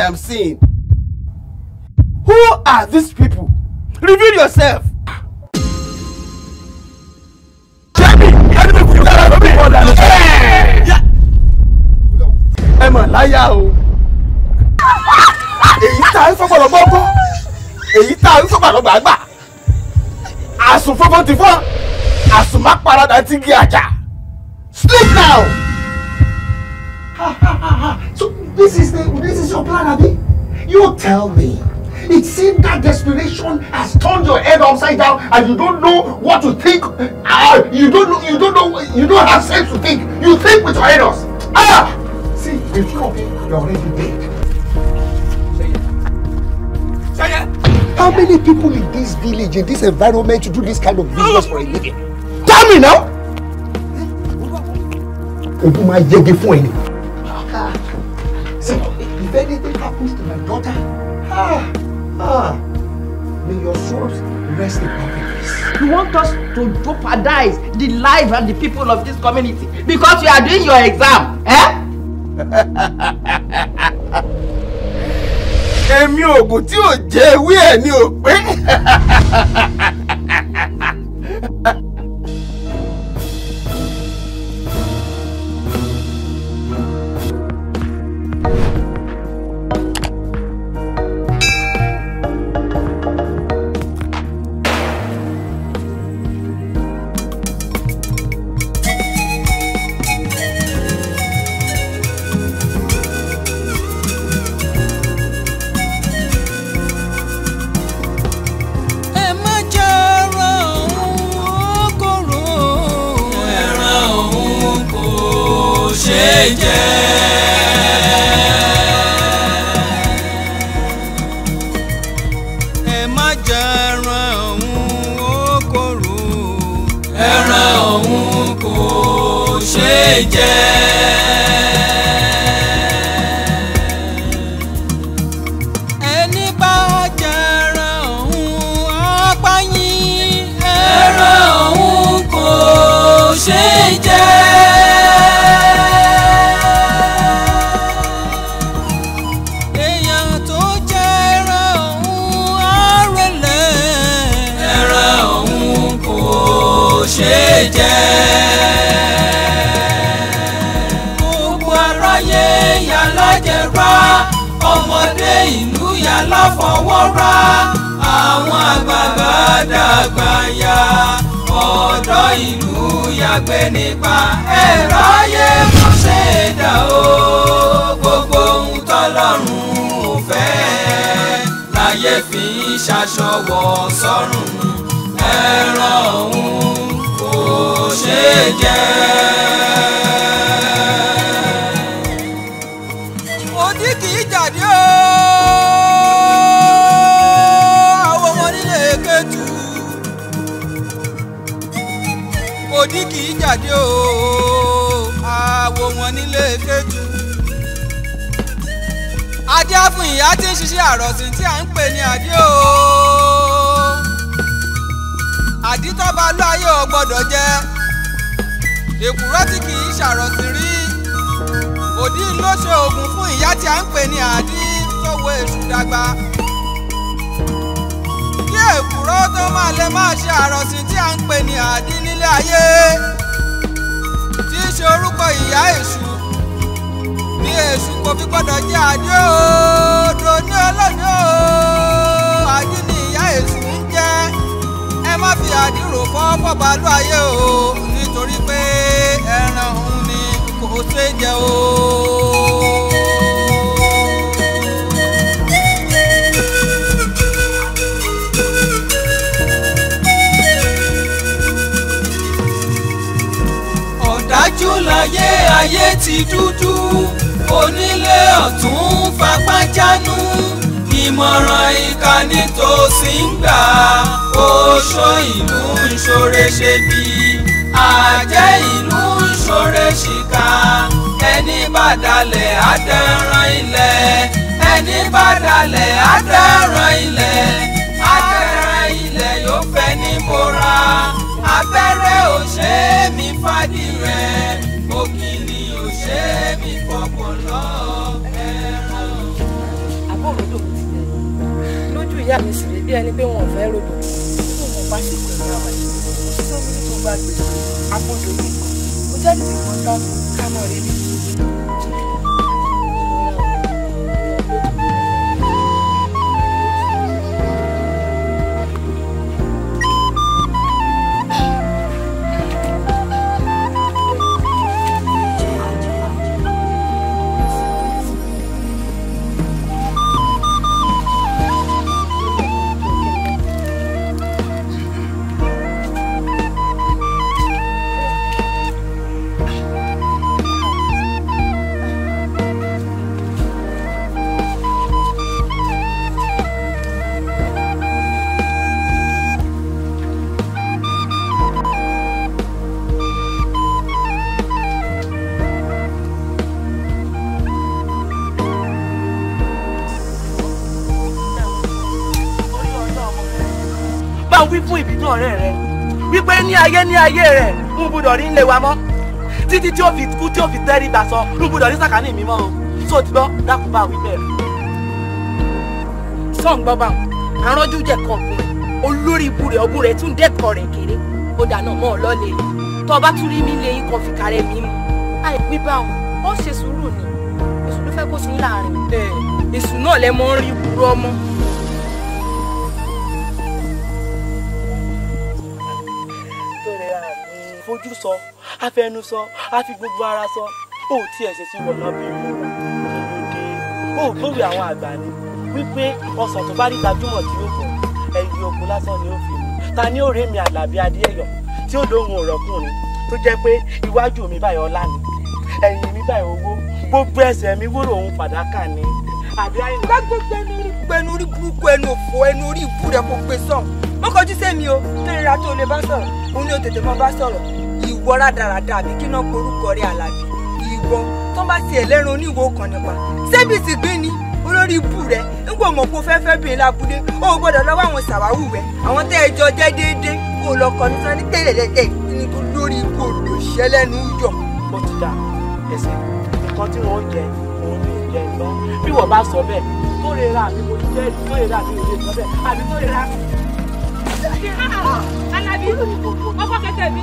I am seeing. Who are these people? Reveal yourself. ẹ mà láyà o èyí tá ń sọ́gbọ̀n lọ́gbọ́n gbọ́ èyí tá ń sọ́gbọ̀n lọ́gbà gbà àsùn fọ́fọ́ ti fọ́ àsùn má parada ti gé àjà sleep now. This is the this is your plan, Abby. You tell me. It seems that desperation has turned your head upside down, and you don't know what to think. Uh, you don't know. You don't know. You don't have sense to think. You think with your head Ah, see, it's come. You're already dead. How many people in this village, in this environment, to do this kind of business for a living? Tell me now! Open my yege for any. Ah. See, if anything happens to my daughter, ah, ah, may your souls rest in peace. You want us to jeopardize the lives and the people of this community because you are doing your exam, eh? Èmi oògùn tí ò jẹ́ ewé ẹ̀ ni ò pé. ìlú yàgbẹ́ nípa ẹ̀rọ ayé kan ṣe dà ó gbogbo ohun tọ́lọ́run ò fẹ́ láyé fi ṣaṣọwọ́ sọ́run ẹ̀rọ ọ̀hún kò ṣeé jẹ́. iṣẹ́ àròsìn tí à ń pè ní àdí o. àdí tó bá lọ ayé ò gbọ́dọ̀ jẹ èkùrọ́ tí kì í ṣàròsìn rí òdí ló ṣe oògùn fún ìyá tí à ń pè ní àdí tó wo èṣù dàgbà. kí èkùrọ́ tó máa lè máa ṣe àròsìn tí à ń pè ní àdí nílé ayé tí í ṣe orúkọ ìyá èṣù kò fi gbọ́dọ̀ jẹ́ àdé òdo ní olóyún o àdí ni ìyá èṣù ń jẹ́ ẹ má fi àdírò fọ́pọ̀ bàálù ayé o nítorí pé ẹran òun ni kò ṣe jẹ o. ọ̀dájú láyé ayé ti dúdú onílé ọ̀tún fapá jánu ìmọ̀ràn ìkànnì tó sì ń gbà oṣó ìlú ń ṣoore ṣe bí àjẹ́ ìlú ń ṣoore ṣìkà ẹni bá dalẹ̀ adẹ́ran ilẹ̀ ẹni bá dalẹ̀ adẹ́ran ilẹ̀ adẹ́ran ilẹ̀ yóò fẹ́ ní mọ́ra abẹ́rẹ́ òṣèmí fàdí rẹ̀. kò rodò lójú ìyá mi sì rí bí ẹni pé wọn ò fẹ́ rodò tí mo bá sì pè ní ọmọ yìí tó mi ní tó bá gbé agbódò mi kò jáde ìgbọ̀ntàn ká mọ̀ rí mi. ọ̀rẹ́ rẹ wípé ní ayé ní ayé rẹ ń gbúdọ̀ rí ńlẹ̀ wa mọ́ títí tí ó fi kú tí ó fi tẹ́rí gbà sọ ń gbúdọ̀ rí sàkání mi mọ́ o tó ti gbọ́ dákun bá wí bẹ́ẹ̀ sọ́ǹgbọ́n bá aránjú jẹ̀ kan kún olórí ibu rẹ̀ ọgbọ́n rẹ̀ tún dẹ́kọ̀ rẹ̀ kéré ó dáná mọ́ ọ lọ́lẹ̀ tó o bá tún rí mi lé yín kan fìkà rẹ̀ àì wí bá wọn ó ṣe sùúrù ni èṣù ló fẹ́ kó sí láàrin. èṣù náà lẹ mọ rí burú ọmọ fojú sọ afẹnu sọ afi gbogbo ara sọ ó tí ẹsẹ̀ sí wọ̀nà bí ìwúrò ìrìndè ó lórí àwọn àgbà ni wípé ọsàn tó bá rí gbajúmọ̀ tí ó kù ẹ̀yìn okun lásán ni ó fi mú ta ní ọ̀rẹ́ mi àlàbí adéyọ̀ tí ó lóhun ọ̀rọ̀kùnrin tó jẹ́ pé iwájú mi báyọ̀ ọlá ni ẹ̀yìn mi báyọ̀ owó gbogbo ẹsẹ̀ mi wúrò òun fàdákà ni bá gbogbo ẹnu orí ẹnu orí burúkú ẹnu òfò ẹnu orí ìbú rẹ kò gbé sàn mọ́kànjú sẹ́mi o tó lè ra tó lè bá sọ̀rọ̀ òun ni ó tètè máa bá sọ̀rọ̀ ìwọ rádaràda àbí kí náà porúkọ rẹ àlàbí ìwọ tó bá ti ẹlẹ́ran oníwò kan nípa ṣebí ti gbé ni olórí ibù rẹ ń gbọ́ mọ̀ kó fẹ́fẹ́ bìnrin lábúlé ó gbọ́dọ̀ lọ́wọ́ àwọn sàwáwù rẹ àwọn tẹ́ ẹ jọ jẹ́ déédéé kó lọ kọ́ nítorí ní tẹ́lẹ̀lẹ́tẹ̀ ní lórí ikú olùṣẹ́ lẹ́nu yọ̀. ó ti dà ẹsẹ̀ nǹkan tí wọ́n jẹ òun ní ìjẹ lọ bí wọ́n bá sọ bẹ́ẹ̀ tó lè ra àbí mo jẹ́ tó lè ra àbí mo lè sọ bẹ́ẹ̀ àbí tó lè ra. Alábí ọkọ kẹ̀kẹ́ mi.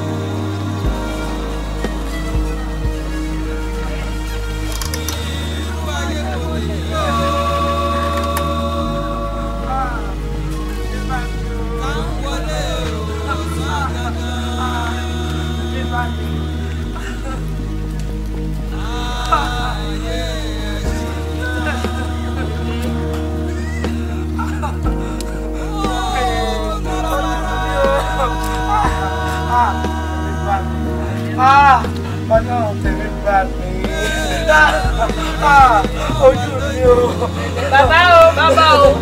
Ah, mas não, você me ah, Ah, hoje bàbá o bàbá o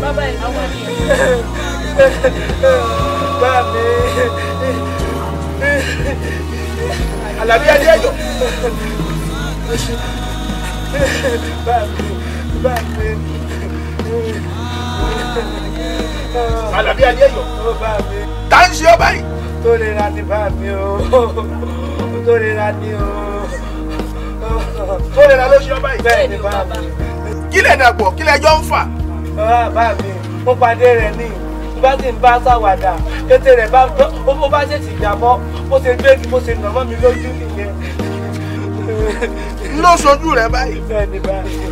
bàbá ìnáwó ni bá mi alábí adé ẹjọ bá mi bá mi alábí adé ẹjọ bá mi. tá ń ṣe ọ báyìí. tó lè ra ni bá mi o tó lè ra ni o tó lè ra ló ṣe ọba yìí. bẹ́ẹ̀ ni bàbá. kílẹ̀ dàgbọ̀ kílẹ̀ jọ ń fà. bàbá mi mo pàdé rẹ̀ ní bá sì ń bá ṣàwàdà kété rẹ̀ bá ó bá ṣèṣì jàbọ́ bó ṣe gbé ni bó ṣe nà mọ́ mi lójú nìyẹn. ló ṣojú rẹ báyìí. bẹ́ẹ̀ ni báyìí.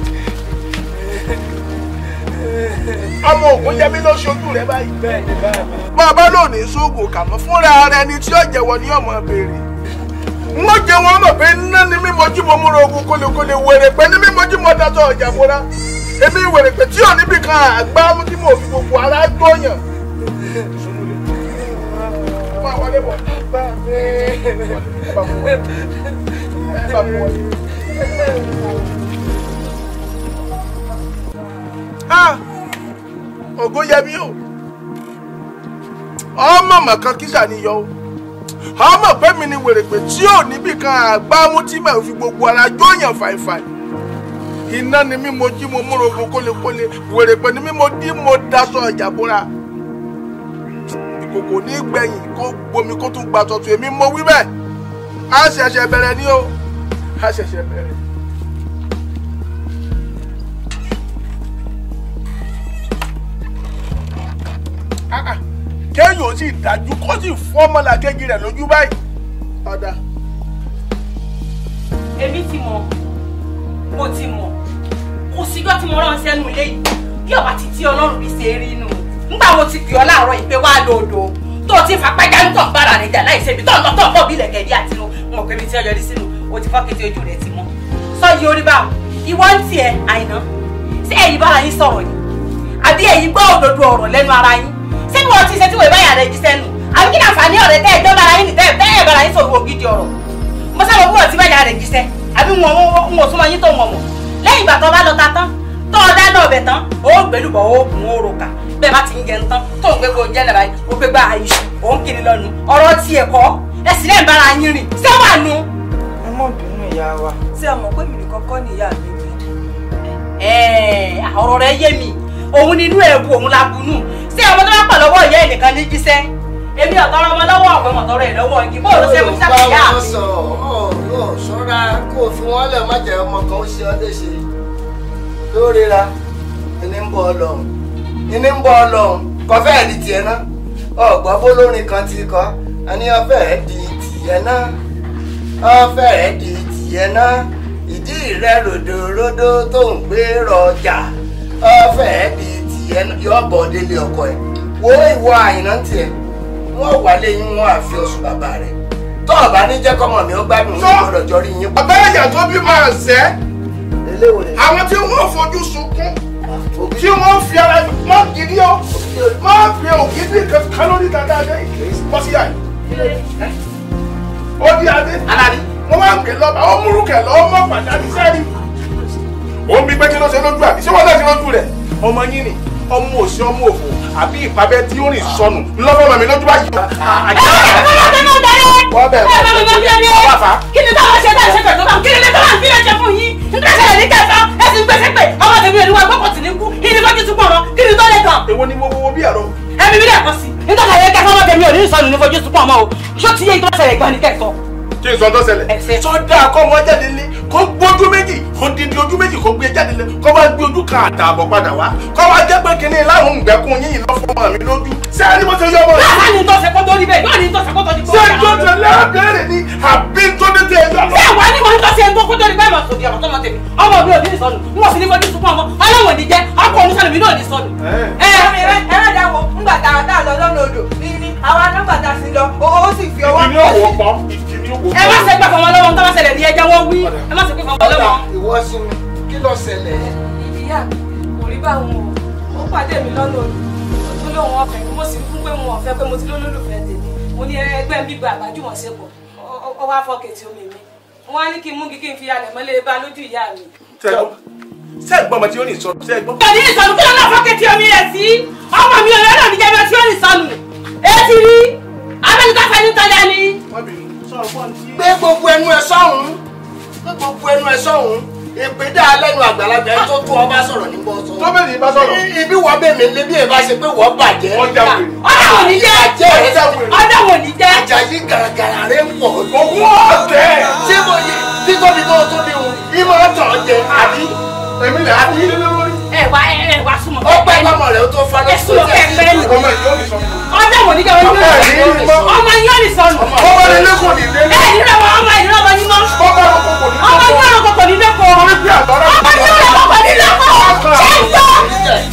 ọmọ ògùn jẹ mí ló ṣojú rẹ báyìí. ni báyìí. bàbá lónìí sóògùn kàmọ́ fúnra rẹ ni tí ó jẹ́wọ́ ní ọmọ béèrè mo jẹ wọn mọ̀ pé iná ni mímọ jí mo múra ogun kólekóle wèrè pé ní mímọ jí mo daṣọ ọjà múra èmi wèrè pé tí ò níbi kan àgbá tí mo fi gbogbo ara gbóyàn. ògo yẹ mí o ọmọ mọ̀kan kí sàníyọ o ọmọ pé mi ni wèrèpè tí ò níbì kan àgbámú tí mà fi gbogbo ara jóyàn fàìfàì iná ni mí mo jí mo múra ogun kólekóle wèrèpè ni mí mo dí mo daṣọ ọjà búra ìkòkò ní gbẹ̀yìn kó gbomi kó tún gba tuntun èmi mo wí bẹ́ẹ̀ a ṣẹ̀ṣẹ̀ bẹ̀rẹ̀ ni o a ṣẹ̀ṣẹ̀ bẹ̀rẹ̀. Ah ah kéèyàn sì dájú kó sì fọ́ ọmọlàkejì rẹ̀ lójú báyìí. ọ̀dà. èmi ti mọ̀ mo ti mọ̀ kò síjọ́ tí mo rán sẹ́nu ilé yìí bí ọba ti tí ọlọ́run mi ṣe rí inú nígbà mo ti pè ọ́ láàárọ̀ ìpè wá lòdò tó o ti fà pẹ́jà ń tàn bára rẹ̀ jà láìsẹ̀ ibi tó ń lọ tó ń bọ̀ bí ilẹ̀kẹ̀ bí àtinú mo pè mí tí ọjọ́ rí sínú o ti fọ́ kété ojú rẹ̀ ti mọ́ sọ yìí orí báwo ìwọ ń tiẹ̀ àìná ṣé ẹ̀yin bára yín sọ̀rọ̀ yìí àbí ẹ̀yin gbọ́ òdodo ọ̀rọ̀ lẹ́nu ara yín bó ti ṣe tí wòye báyà rẹ jíṣẹ́ nù àbí kí ni àǹfààní ọ̀rẹ́ tẹ́ ẹjọ́ bára yín tẹ́ ẹ̀ bára yín sọ̀rọ̀ ògidì ọ̀rọ̀ mo sábà bó ti báyà rẹ jíṣẹ́ àbí wọn wọn ò súnmọ́ yín tó wọn mọ̀ lẹ́yìn ìgbà tó bá lọ ta tán tó o dáná ọbẹ̀ tán ó gbẹ̀lúbọ̀ ó kún ó roka bẹ́ẹ̀ bá ti ń jẹun tán tó ń gbégbó jẹ́ nàbàyí ó gbégbá àyíṣu ó ń kiri lọ́nu ọ̀rọ̀ tiẹ̀ kọ́ ẹ sì lẹ́ẹ̀ bára yín rìn ṣé wà nù. ẹ mọ̀ bínú ìyá wa. ṣé ọmọ pé mi nìkan kọ́ ni ìyá mi rí. ẹ ọ̀rọ̀ rẹ yé mi òun nínú ẹ̀kú òun la bunú sí ọmọ tó bá pọ̀ lọ́wọ́ ìyá ẹ̀ nìkan ní jíṣẹ́ èmi ọ̀tọ́rọ ọmọ lọ́wọ́ ọ̀pẹ mọ̀tọ́rọ ẹ̀ lọ́wọ́ igi bóòlù ṣe mú sábà yá mi. ṣọ́ra kó o fi wọ́n lẹ̀ má jẹ́ ọmọ kan ó ṣe ọdẹ ṣe lórí ra ẹni ń bọ ọlọ́run ẹni ń bọ ọlọ́run kọfẹ́ ẹ̀rí tiẹ̀ náà ọ̀gbọ́n bólórin kan ti kọ́ ẹni ọfẹ́ di tiẹ̀ náà ọfẹ́ di tiẹ̀ náà ìdí rẹ̀ ròdòròdò tó ń gbé rọjà ọfẹ di tiẹ yọ bọ délé ọkọ ẹ wo ìwọ àyìnà tiẹ wọn wà lẹ́yìn wọn àfi oṣù bàbá rẹ tó ọba ní jẹ kọmọ mi ó gbádùn ní gbọ́dọ̀ jọrí yín. bàbá ìyá tó bí máa zẹ àwọn tí wọn fojú sunkún tí wọn fi ara má gidi ọ má fi ògidì kankan lórí dada adé pọsíyà yìí ó di adé wọn wá ń kẹ lọ bá ó múrú kẹ lọ ó mọ pàtàkì sẹni ó ń bí pé kí ló ṣe lójú àbí ṣé wọ́n náà ṣe lójú rẹ̀ ọmọ yín ni ọmọ òsì ọmọ òfò àbí ìpàbẹ tí ó rìn sọnù lọ́fọ̀ mọ̀mí lójú bá yìí. ẹ bá mi mọ bẹ́ẹ̀ náà darí ẹ bá mi mọ bẹ́ẹ̀ náà kí ni táwọn ṣe bá ṣe pẹ̀lú bá kí ni lè tọ́lá fi lè ṣe fún yín nígbà tí ẹ̀rí kẹfà ẹ ti gbèsè pé ọmọ tèmi ò ní wọn gbọ́kọ̀ tì ní kú kí ni lójú tún pọ̀ rọ kí ni tó lè kàn. èwo ni mo wo bí ẹ̀rọ. ẹbí mi lẹ́ẹ̀kan sí nígbà tí ẹ̀rí kẹfà ọmọ tèmi ò ní ìsọnù ní fojú tún pọ̀ mọ́ o ṣó ti yé ìtọ́sẹ̀rẹ̀ gan ni kẹ́kọ̀ọ́ kí n sọ tó ṣẹlẹ̀ sọdá kọ́ wọn jáde lé kó gbójú méjì kó didi ojú méjì kó gbé jáde lé kó wá gbé ojú kan àtààbọ̀ padà wá kó wá jẹ́ pé kinní láwọn òǹgbẹ́kùn yín lọ fún ọmọ lójú ṣé ẹni mo ṣe yọ ọmọ rẹ. báwo ni tó ṣe tó rí bẹ́ẹ̀ báwo ni tó ṣe kó tó rí ṣé tó lẹ́ẹ̀kẹ́rẹ́ ni àbí tó dé tẹ̀ ẹ̀dá. ṣé wàá ní mo ní tó ṣe ń kó tó rí bẹ́ẹ̀ ẹ má ṣe gbà fọmọ lọ́wọ́ tó bá ṣẹlẹ̀ ní ẹjẹ́ wọ́n wí ẹ má ṣe gbà fọmọ lọ́wọ́. ìwọ sí mi kí ló ṣẹlẹ̀. ìyá kò rí báwọn o ó pàdé mi lọ́nà òní lóun ọ̀fẹ́ mo sì fún pé mo ọ̀fẹ́ pé mo ti lólùfẹ́ tèmi mo ní ẹgbẹ́ mi gba àgbájúmọ̀ ṣepọ̀ ọ wá fọ́ kẹ̀tì omi mi wọ́n á ní kí n mú kíkí n fi alẹ̀ mọ́lẹ̀ bá lójú ìyá mi. ṣé ẹ̀gbọ́n ọmọ tí ó ní ìsọnù ṣé ẹ̀gbọ́n. kò ní ìsọnù kí ló náà fọ́ kẹ̀tì omi rẹ̀ sí ọmọ mi ò lọ́dọ̀ níjẹ́ bí ó ti ó ní ìsọnù èyí ti rí abẹ́ni tó fẹ́ ní tọ́jà ni gbé gbogbo ẹnu ẹ sọ́hún gbé gbogbo ẹnu ẹ sọ́hún èpè dáa lẹ́nu àgbàlagbà ẹ tó tó ọba sọ̀rọ̀ ní bọ́sọ̀. tó bẹ̀rẹ̀ ìbá sọ̀rọ̀. ibi wọ́n bẹ̀ mí lébi ẹ̀ bá ṣe pé wọ́n bàjẹ́. ọjà wèrè. ọjà wò ní jẹ́ ọjà wò ní jẹ́. Àjàyí gàràgàrà rẹ̀ ń owó ọ̀tẹ̀. ṣé mo yẹ títóbi tó tóbi hùn ìmọ̀ ọ̀tọ̀ jẹ àbí. èmi lè àbí ẹ wá ẹ wá súnmọ́. ó pẹ́ lọ́mọ rẹ̀ ó tó fa lọ́sọ̀tì. ẹ̀sùn òkè ẹ̀fẹ́ ni. ọjọ́ wo ni kẹ́ ọmọ yóò ní sọnù. ọmọ yóò ní sọnù. ọmọ ní lẹ́kọ̀ọ́ ní lẹ́lẹ́. ẹ nílò ọmọ ọmọ ìlú ọmọ yín mọ́. ọmọ yóò rọ kòkò ní lẹ́kọ̀ọ́. ọmọ yóò rọ kòkò ní lẹ́kọ̀ọ́. ṣé ń gbọ́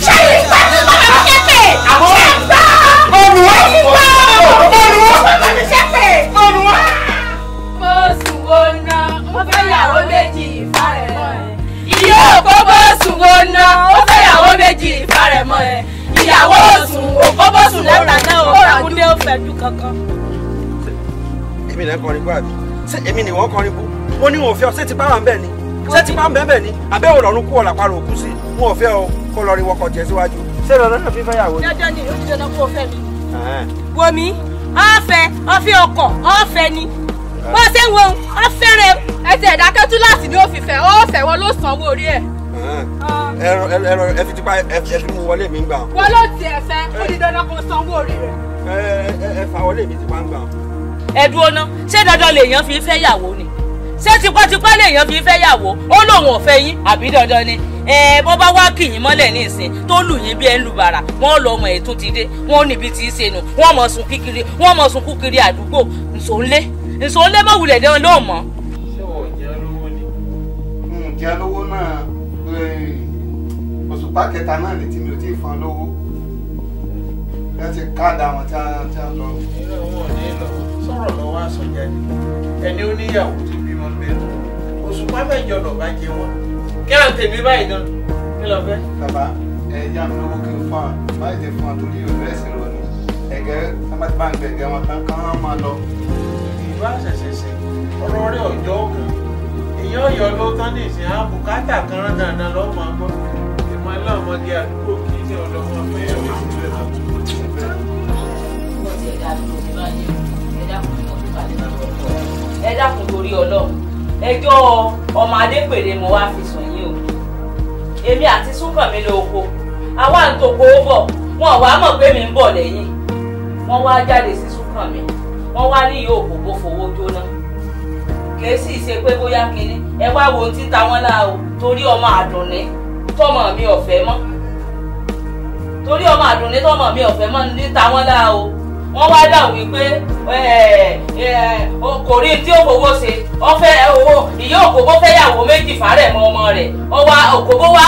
ṣé ń gbọ́ ṣé ń gbọ́ ṣé ń gbọ́ ṣé ń gbọ́ olùwọ́ olùwọ́ mo sùn ó ná mo fẹ́ yàwó méjì òkóbó sùn wo ná ó fẹ́yàwó méjì ìfarẹ̀mọ́ ẹ̀ ìyàwó sùn òkóbó sùn lẹ́tà náà ó rà kúndé ó fẹ́ dùn kankan. èmi lẹ́ kọrin bó àbí ṣé èmi ni wọ́n kọrin bó ó ní òun fẹ́ ọ ṣé ti bá wà ń bẹ̀ ni ṣé ti bá ń bẹ̀ bẹ̀ ni àbẹ́ òrọ̀rùn kú ọ̀là parọ̀ òkú sí wọn ò fẹ́ ọ kó lọ rí wọkọ̀ jẹ síwájú ṣé lọ́dọ̀ náà fi fẹ́yàwó ni. dandan ni ó ti dandan kó o fẹ́ mi. wo mi ọ̀fẹ́ ọ̀fẹ́ ọkọ̀ ọ̀fẹ́ ni bó ṣe ń wo ọ fẹ́rẹ̀ ẹsẹ̀ ìdákẹ́jú láti ní òfìfẹ́ ó fẹ́ wọn ló sanwó orí ẹ̀. ẹrọ ẹrọ ẹ fi tipa ẹ fi mú wọlé mi gbà. wọn ló tiẹ̀ fẹ́ ó di dandan kan sanwó orí rẹ̀. ẹ ẹ ẹ fa wọlé mi tipa ń gbà. ẹ dúró ná ṣé dandan lèèyàn fi fẹ́ yàwó ni ṣé tipátipá lèèyàn fi fẹ́ yàwó ó lóun ò fẹ́ yín àbí dandan ni ẹ bọ́ bá wá kì yín mọ́lẹ̀ ní ìsìn tó lù yín bí ẹ ń lu bàrà wọ́n lọ ọmọ ètò ti dé wọ́n níbi tí í ṣe nù wọ́n mọ̀ sùn kíkiri wọ́n mọ̀ sùn kúkiri àdúgbò nsòńlé èso lé mọ̀ wulẹ̀ dẹ́wọ̀n lóò mọ́. ṣé o jẹ́ lówó ni. ǹjẹ́ lówó náà òṣùpá kẹta náà ni tí mi ò tí ì fọn lówó ẹ ti káàdà wọn tí a lọ. inú wọn ní lọ sọ̀rọ̀ lọ́wọ́ àsọ̀jáde ẹni ó níyàwó tó bímọ bẹ́ẹ̀ òṣùpá mẹ́jọ lọ bá jẹ wọn kí ló tèmi báyìí náà kí ló fẹ́. bàbá ẹ yá mi lówó kí n fún wa báyìí ti fún wa torí ìrẹsì rọ ni ẹgẹ sábàtì bá ń gbẹgẹ wọn tán máa lọ ìlú àṣẹṣẹṣẹ ọ̀rọ̀ rẹ̀ ọ̀jọ́ kan èèyàn ọ̀yọ́ ló tán ní ìsìn àwọn bùkátà kan rán dandan lọ́mọ gbọ́ ìmọ̀ aláwọ̀mọdé àdúgbò kì í ṣe ọ̀dọ́mọ pé ẹ̀rọ ìṣẹ̀lẹ̀ náà. ẹ dákun torí Ọlọ́run ẹjọ́ ọmọ adépèrè mo wá fi sùn yín o èmi àti súnkànmí ló oko àwa ń tòkó bọ̀ wọn ò wá mọ̀ pé mi ń bọ̀ lẹ́yìn wọ́n wá jáde sí súnkànmí wọ́n wá ní ìyá òkò bó fowó jóná kìí sì ṣe pé bóyá kinní ẹ wá wo títa wọn lá torí ọmọ àdùnní tọmọ mi ọ̀fẹ́ mọ́ torí ọmọ àdùnní tọmọ mi ọ̀fẹ́ mọ́ ní táwọn lá wọ́n wá dà wípé kò rí tí òkòwò ṣe ọ̀fẹ́ owó ìyá òkòwò fẹ́ yàwó méjì fàárẹ̀ mọ́ ọmọ rẹ̀ ọwọ́ òkòwò wá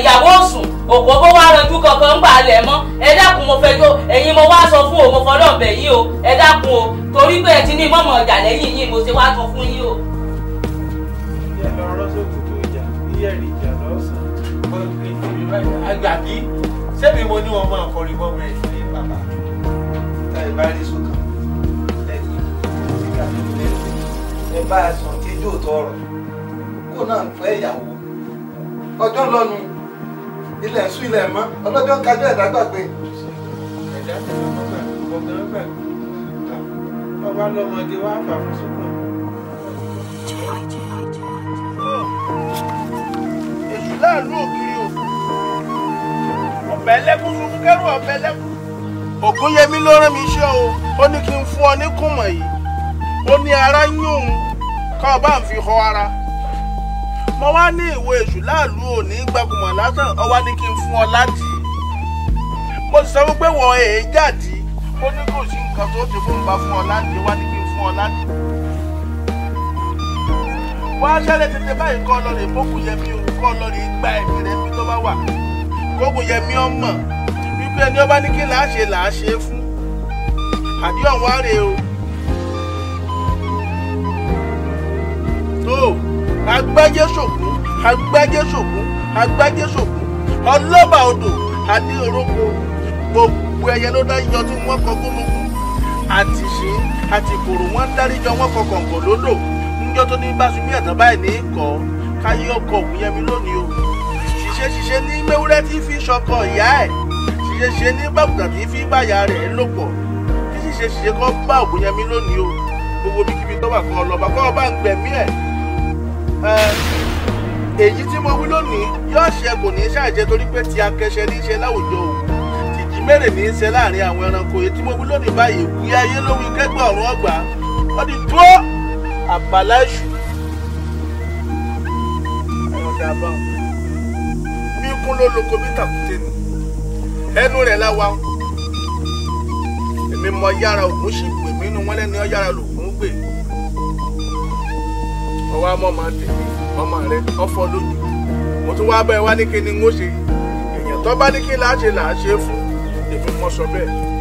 ìyàwó sùn òkòwò wá ranjú kankan ń gbà lẹ̀ mọ́ ẹ dákun mo fẹ́ tó ẹ̀yin mo wá sọ fún o mo fọlọ́ bẹ̀ yìí o ẹ dákun o torí pé ẹ ti ní mọ́mọ́ ọjà lẹ́yìn yìí mo ṣe wá sọ fún yín o. ìyá lọ rọ́ṣọ́gbù tó ìjà iye rè ìjà lọ́sàn-án àgbàdì sẹ́mi mo ní wọn máa kọrin mọ́ mẹ́rin sí bàbá mi ìbáraẹnisọ̀kan ẹ̀yìn ìgbà tó ń lé ẹ bá a sàn tí yóò tọ ọ̀rọ̀ kó náà ń fẹ́ ìyàwó ọjọ́ lọ́nu ilẹ̀ ń sú ilẹ̀ mọ́ ọlọ́jọ́ kájọ ẹ̀dá gbàgbé. ẹ̀dá tẹ̀lé ọgbà ọgbà ọgbà ọba lọ́mọdé wàá fà fún sọ́kàn. èyí láàánú òkiri òkú ọ̀bẹ ẹlẹ́gùn fún kẹ́rù ọ̀bẹ ẹlẹ́gùn ògúnyẹmí ló rán mi iṣẹ́ o ó ní kí n fún ọ ní kùmọ̀ yìí ó ní ara ń yún ká ọ bá ń fi họ ara mo wá ní ìwé èṣù láàlú òní gbàgùmọ̀ lásán ọ wá ní kí n fún ọ láti mo sì sọ wípé wọ èé jáde ó ní kò sí nǹkan tó ti fún ba fún ọ láti wá ní kí n fún ọ láti wọ́n á ṣẹlẹ̀ tètè báyìí kọ́ lọ bókun yẹmi òun kọ́ lọ gba ẹ̀mí rẹ̀ bí tó bá wà bókun yẹmi ọmọ pé ẹni ọba ní kí làá ṣe làá ṣe fún àdéhùn wá rèé o. tó agbájẹ́ ṣògùn agbájẹ́ ṣògùn agbájẹ́ ṣògùn ọlọ́ba odò adé oróko gbogbo ẹyẹ ló dá yọ tí wọ́n kọ gúnugún àti ṣe àti kòrò wọ́n dárí jọ wọ́n kọ kọ̀ǹkọ̀ lódò níjọ́ tó ní bá sunmí ẹ̀tàn báyìí ní kọ́ káyé ọkọ̀ lónìí o ṣiṣẹ́ ṣiṣẹ́ ní mẹ́wúrẹ́ tí fi ṣọkọ ìyá ẹ̀ ṣe ṣe ní gbàgùdà kì í fi báyà rẹ̀ lò pọ̀ kí ṣìṣe ṣìṣe kọ́ bá ògùnyẹmí lónìí o gbogbo bí kíbi tó wà kọ́ ọlọ́ba kọ́ ọba ń gbẹ̀mí ẹ̀ èyí tí mo wí lónìí yóò ṣe kò ní ṣàìjẹ torí pé ti akẹṣẹ ní í ṣe láwùjọ o tìjì mẹ́rẹ̀ ní í ṣe láàrin àwọn ẹranko èyí tí mo wí lónìí báyìí wí ayé ló wí ọ̀rọ̀ ọgbà mi kún ló lóko bí tàkùn ẹnu rẹ̀ la wa èmi mọ yára ògùn sì pè mí inú wọn lẹ́ni yára lògùn gbè ọwọ́ àmọ́ máa tẹ̀lé ọmọ rẹ ọfọ lójú mo tún wá bẹ́ẹ̀ wá ní kí ni n ó ṣe èèyàn tó bá ní kí láá làá ṣe fún èmi mọ sọ bẹ́ẹ̀.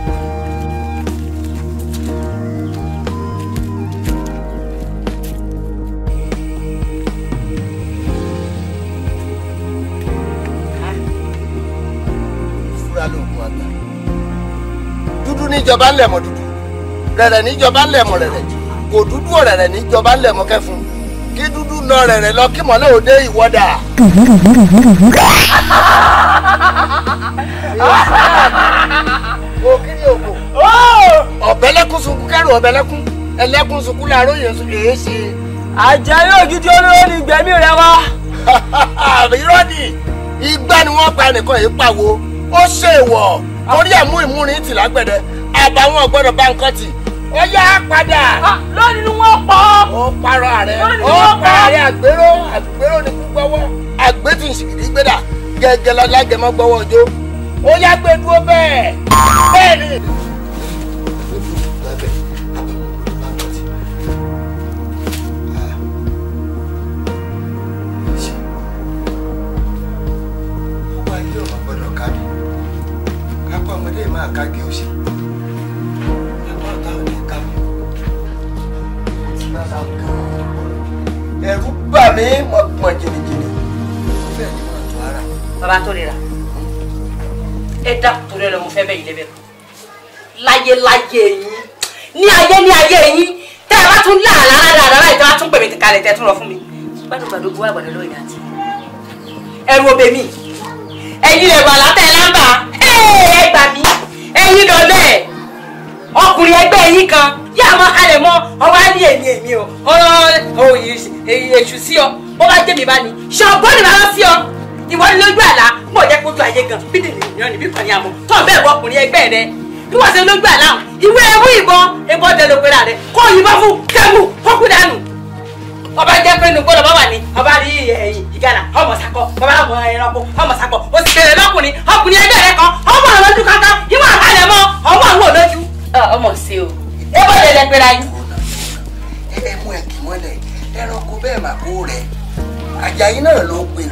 níjọba ńlẹ̀ mọ̀ dúdú rẹ̀rẹ̀ níjọba ńlẹ̀ rẹ̀rẹ̀ kò dúdú rẹ̀rẹ̀ níjọba ńlẹ̀ mọ̀ kí dúdú lọ rẹ̀rẹ̀ lọ kí mọ̀lẹ́ òde ìwọ́dà. ọ̀bẹ̀lẹ́kún sunkún kẹ́rù ọ̀bẹ̀lẹ́kún ẹlẹ́kún sunkún làárọ̀ yẹn sùn èé ṣe. àjẹ́ yóò gidi olóró ni gbẹ̀mí rẹ wá. irọ́ ni igbá ni wọ́n pa nìkan yìí pàwo ó ṣèwọ̀ orí àmú ìmúrin tì àbàwọn ọ̀gbọ́dọ̀ bá nǹkan tì ó yá padà. Ah, lónìí ni wọ́n pọ̀. ó parọ́ ààrẹ ó parọ́ ààrẹ àgbérò àgbérò ni kú gbọ́wọ́ àgbétù ìsìkìdí gbéra gẹ́gẹ́ lọ́lágẹ̀mọ́ gbọ́wọ́ ọjọ́ ó yá gbé dúró bẹ́ẹ̀ bẹ́ẹ̀ ni. mi mọ̀ pọ̀ jìnnìjìnnì. bàbá tó lè rà ẹ dá torí ẹ lọ mo fẹ́ bẹ́ẹ̀ yìí lẹ́bẹ̀ẹ́ láyé láyé yín ní ayé ní ayé yín tẹ́ ẹ bá tún láàlá láàlá láì tẹ́ ẹ bá tún pèmí kalẹ̀ tẹ́ ẹ tún lọ fún mi. gbádùn gbàdúgbò gbogbo àgbàdo lóye dàtí ẹrù obè mi ẹ̀yin lẹ̀rù àlátẹ̀ lámbà ẹ gbà mí ẹ̀yin dọ̀dọ̀ ọkùnrin ẹgbẹ́ yín kan yá máa halẹ̀ mọ́ ọwọ́ á ní èmi èmi o ọ̀rọ̀ èṣù oh, sí ọ bó bá jẹ́ mi bá ní ṣọ̀bọ́n ni màá sí ọ ìwọ ni lójú àlá mo jẹ́ kójú ayé gan bí nìyí ìran níbí kan ní àmọ́ tó bẹ́ẹ̀ wọ ọkùnrin ẹgbẹ́ rẹ bí wọ́n ṣe lójú àlá ìwé ewu ìbọn ìbọn dẹlẹpẹ̀rẹ̀ rẹ kó yìnbọn fún kẹ́mù kókù dànù ọba jẹ́ pé nùgbọ́dọ̀ bá wà ní ọba rí eh, ẹ̀yìn ìgalà ọmọ sakọ ọba ọmọ ẹranko ọmọ sakọ o sì bẹ̀rẹ̀ lọ́kùnrin ọkùnrin ẹgbẹ́ rẹ kan ọmọ àwọn ojú kankan ìwọ àkàlẹ̀ mọ́ ọmọ àwọn olójú Ah, ọmọ sí o ẹ bọ́ lè lẹ pera yín. ẹ mú ẹkì mọ́lẹ̀ ẹranko bẹ́ẹ̀ mà kó rẹ̀ Àjàyí náà ló pè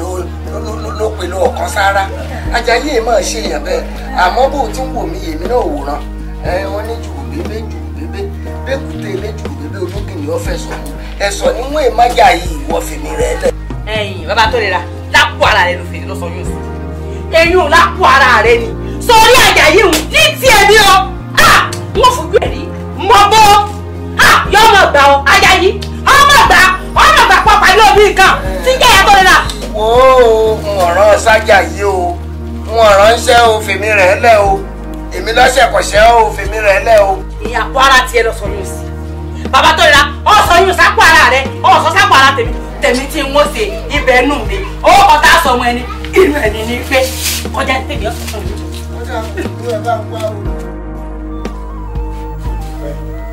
ló pè ló ọ̀kan sára Àjàyí yìí máa ṣe èèyàn bẹ́ẹ̀ àmọ́ bó ti ń wò mí èmi náà wòran wọ́n ní jùlù bébé jùlù bébé bẹ́kùté lẹ́jù bébé olókìní ọ̀fẹ́ sọ̀mù ẹ̀sọ̀ níwọ̀n ìmájà yìí ìwọ̀ fèmí rẹ̀ lẹ̀. ẹyin bàbá tó lera lápò ara rẹ ló fèrè lọ sọ yóò sí eyín ò lápò ara rẹ ni sórí Àjàyí òun ní tiẹ̀ ní ọ mo fojú ẹ̀ rí mo bọ́ yọ ọmọ gbà ọ ajá yìí ọmọ gbà ọmọ gbà pàpà ní òbí nǹkan tí ń jẹ́ ìyá tó nira. wo n ọ̀ràn sájà yìí o n ọ̀ràn ń ṣe o fèmí rẹ̀ lẹ̀ o èmi lọ́sẹ̀ kò ṣe o fèmí rẹ̀ lẹ̀ o. ìyàpọ̀ ara tiẹ̀ lọ sọ yóò sí bàbá tó nira ọ̀ sọ yóò sápò ara rẹ̀ ọ̀ sọ sápò ara tèmi tèmi tí wọ́n ṣe ibẹ̀ nù mí ó ọ̀tá sọmọ ẹni inú ẹni ní fẹ́ kọjá tèmi ọ̀sán fún mi. ó dà bí ìlú ẹ bá ń pa òun.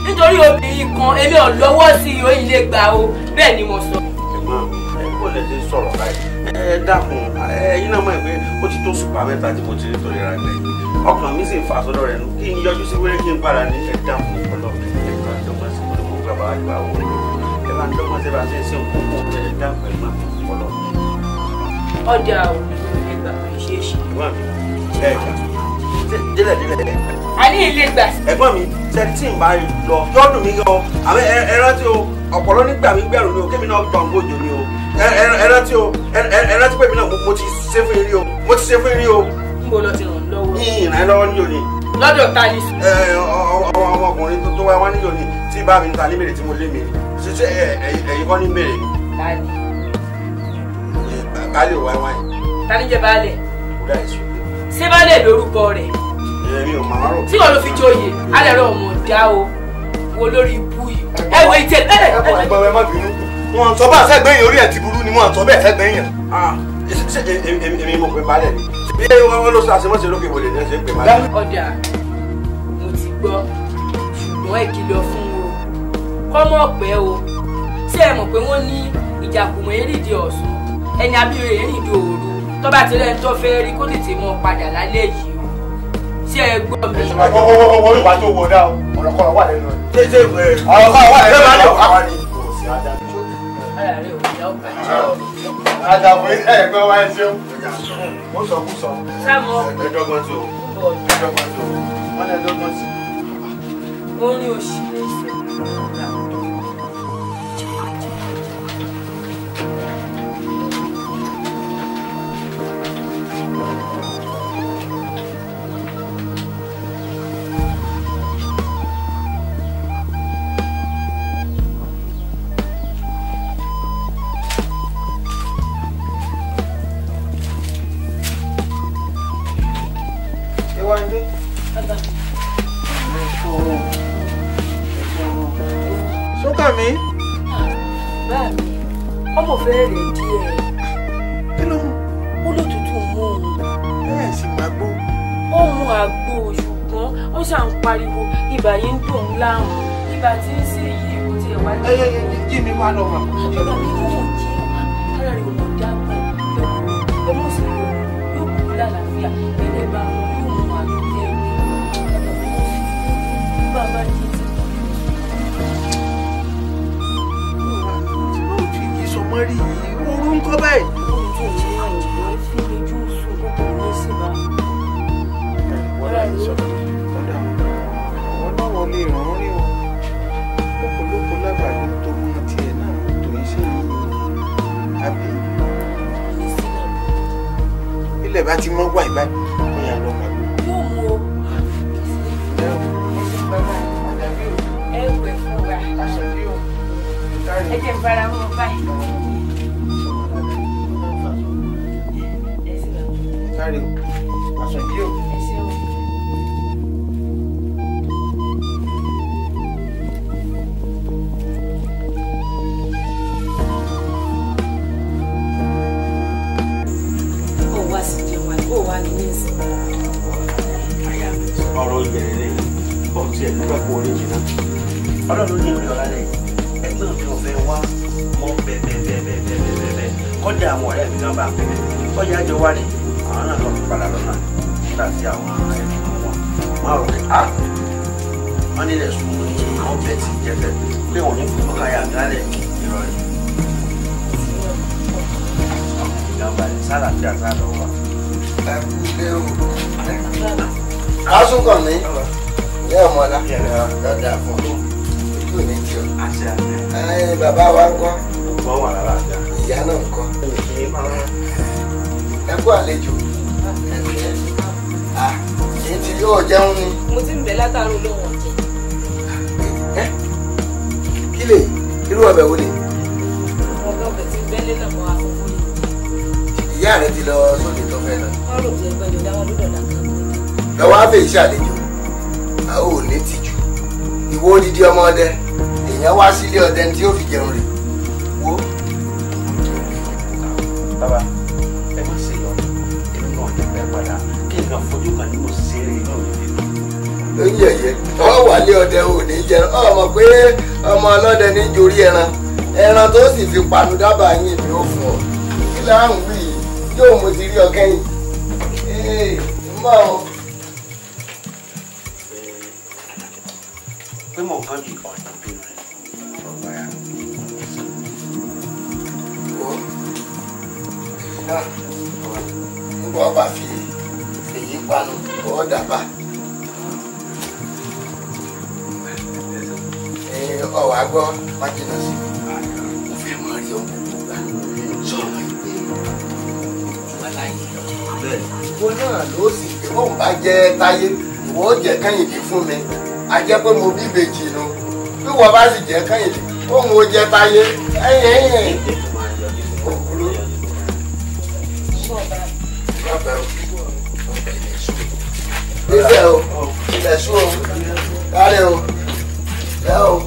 nítorí obìnrin kan èmi ò lọ́wọ́ sí i òyìn lè gbà o bẹ́ẹ̀ ni mo sọ. ẹ kò lè náà mọ̀ pé ó ti tó ṣùpá mẹ́ta tí mo ti rí torí ra ilẹ̀ ọkàn mi sì ń sọ́dọ̀ rẹ̀ kí n yọjú sí wẹ́rẹ́ kí n bára ní ẹ dákun ọlọ́ọ̀kẹ́ ẹ máa dọ́gbọ́n sí gbà bàbá ìgbà wọlé délẹ̀ délẹ̀. a ní ilé gbà. ẹ̀gbọ́n mi sẹ́ńtì ń bá lọ yọ́dún mi yọ àmì ẹ rántí o ọ̀pọ̀lọ́ nígbà mi gbẹ̀rù ni o kémi náà gbọ̀n gbòjò ni o ẹ rántí o ẹ rántí pé mi náà mo ti ṣe fún yín rí o mo ti ṣe fún yín rí o. n bò lọ ti ràn lọ́wọ́. yìnyín ràn lọ́wọ́ ní òní. lọ́dọ̀ ta ni. ọmọkùnrin tó wá wá ní òní tí bá mi ta ní mèrè tí mo lé mèrè ṣe ẹ̀yin kọ́ ní mèrè. báyìí. báyìí ò wáyé wáyé. ta ni jẹ báyìí. kúrò àìsàn ṣé bá lè lórúkọ rẹ̀ tí wọn ló fi joyè alẹ́ rẹ̀ ọmọ ọ̀dá o wo lórí ibú yìí ẹ̀wọ̀ ìtẹ̀ ẹ̀ ẹ̀gbọ́n ẹ má bínú wọn sọ bá sẹ́gbẹ̀yìn orí ẹ̀ ti burú ni wọn sọ bẹ́ẹ̀ sẹ́gbẹ̀yìn èmi mo pe balẹ̀ mi bí wọn lọ sọ àṣemọ́ṣe lókè wọlé ní ẹsẹ̀ pé balẹ̀. ọ̀dà mo ti gbọ́ ṣùgbọ́n ẹ kìlọ̀ fún o kọ́mọ ọ̀pẹ o ṣé ẹ mọ̀ pé wọ́n ní ìjàkùmọ̀ eré ìdí ọ̀sán ẹni abíyọ̀ eré ìdí òru tó bá ti rẹ̀ tó fẹ́ rí kó tètè mọ padà lálẹ́ yìí o ṣé ẹ gbọ́ mi. owó ìwà tó wọ dáa ọ̀rọ̀ kọ́ra wà lẹ́nu rẹ̀. ṣé ọ̀rọ̀ kọ́ra wà lẹ́nu rẹ̀ ọ̀rọ̀ kọ́ra ni kò sí adájọ́. ara rẹ̀ ò yá ọ̀gá jẹ́. àdàbọ̀ ilé ẹ̀gbọ́n wa ẹ ṣeun. ó sọ kú sọ. sáàmù ọkùnrin ẹ̀dọ́gbọ́n tó ẹ̀dọ́gbọ́n tó wọ́n lẹ́ béèrè díẹ̀. nínú ó ló tutù mú un. bẹ́ẹ̀ sì máa gbó. ó mu àgbo ṣùgbọ́n ó ṣàn pariwo ibà yìí ń dùn láàmú ibà tí ń ṣe yìí kò tiẹ̀ wá. ẹ ẹ ẹ mi wá lọ mà. ìjọba mi kò mọ̀ jí ara rẹ̀ ò mọ̀ dágbà yóò kú ọmọ sì lọ yóò kú lálàáfíà nílẹ̀ bá wọn yóò mú àgbẹ̀ tẹ̀ wọ́n. bàbá jí mọ́ rí orú ń báyìí. ilẹ̀ bá ti mọ́ wáyé báyìí ọ̀yà lọ́mọ. yóò ẹ wẹ̀ fún wa. ẹ báyìí. tiẹ̀ dúpẹ́ kó orí jìnnà ọlọ́run ní ìwé ọ̀la rẹ̀ ẹgbẹ́ mi ò fẹ́ wá mọ́ bẹ́ẹ̀bẹ́ẹ̀bẹ́ẹ̀bẹ́ẹ̀bẹ́ẹ̀ kọ́jà àwọn ọ̀rẹ́ mi náà bá pẹ́ẹ́bẹ́ kọ́jà àjọ wá ní àwọn náà lọ́ọ́ padà lọ́nà nígbà tí àwọn ẹni wọn máa rọ̀ á wọ́n nílẹ̀ sùn àwọn bẹ́ẹ̀ ti jẹ́ bẹ́ẹ̀ pé wọ́n ní fún ọkà yà gálẹ̀ ìrọ̀lẹ́ ìjàmbá ẹ̀ sára bí àtàlọ́ wa. ẹ kú lé o. kásùkọ̀ bẹ́ẹ̀ mọ la dáadáa fún ọ ojú ò ní tí ọ. bàbá wa ń kọ́ ìyá náà ń kọ́ ẹ kú àlejò kì í ti yóò jẹun ni. mo ti ń bẹ látàrí olóhùn ọ̀jẹ̀. ẹ kí lè irú ọbẹ̀ wo lè. ọ̀gá ọbẹ̀ ti bẹ́lẹ̀ náà mọ́ àkókò yìí. ìyá rẹ ti lọ sóde tó fẹ́ lọ. wọ́n rò pé ẹgbẹ́ mi dáwọ́ lọ́dọ̀ náà. lọ́wọ́ á fèyí ṣàlè ìwọ odidi ọmọ ọdẹ èèyàn wá sílé ọdẹ tí yóò fi jẹun rè wo. bàbá ẹ má ṣe yọ èmi náà ti pẹ́ padà kí n kà fojú kan ní mo ṣe eré náà mi fi dùn. ló ń yẹ̀yẹ́ ọ wà lé ọdẹ ò ní jẹun ọ mọ̀ pé ọmọ ọlọ́dẹ ní jorí ẹran ẹran tó sì fi panu dábàá yín mi ò fún ọ kí láàrún wí yóò mo ti rí ọ kẹ́yìn. ẹ ẹ mọ ọ. pé mò ń kán di ọ̀nà bí rẹ̀ ọ̀gbà ya. nígbà ọba fi èyí panu ọ̀ dàbà. ọ̀wà gbọ́ májìnà sí mi mo fẹ́ mọ rí ọmọ gbogbo sọ̀rọ̀ ìpè ìwà láyé ìwọ náà ló sì pé a jẹ́ pé mo bí ìbejì nu bí wọ́n bá sì jẹ́ kẹ́yìn òun ò jẹ táyé ẹ̀yìn ẹ̀yìn òkúrú. ilẹ̀ o ilẹ̀ sùn o kárẹ̀ o ẹ̀ o.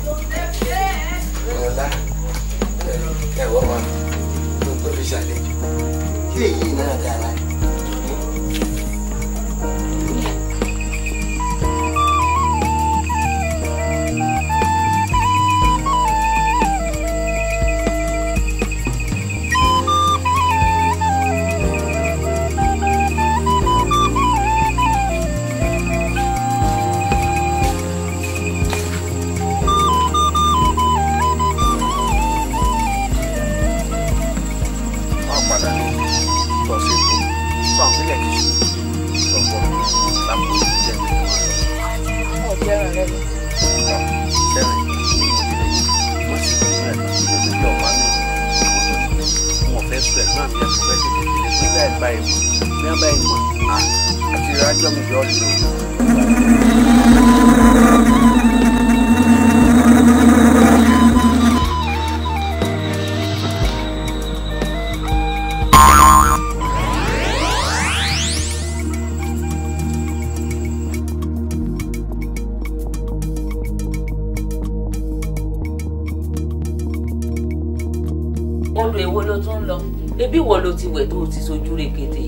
ṣebí wọ́n ló ti wẹ̀ tó o ti sojú rekete.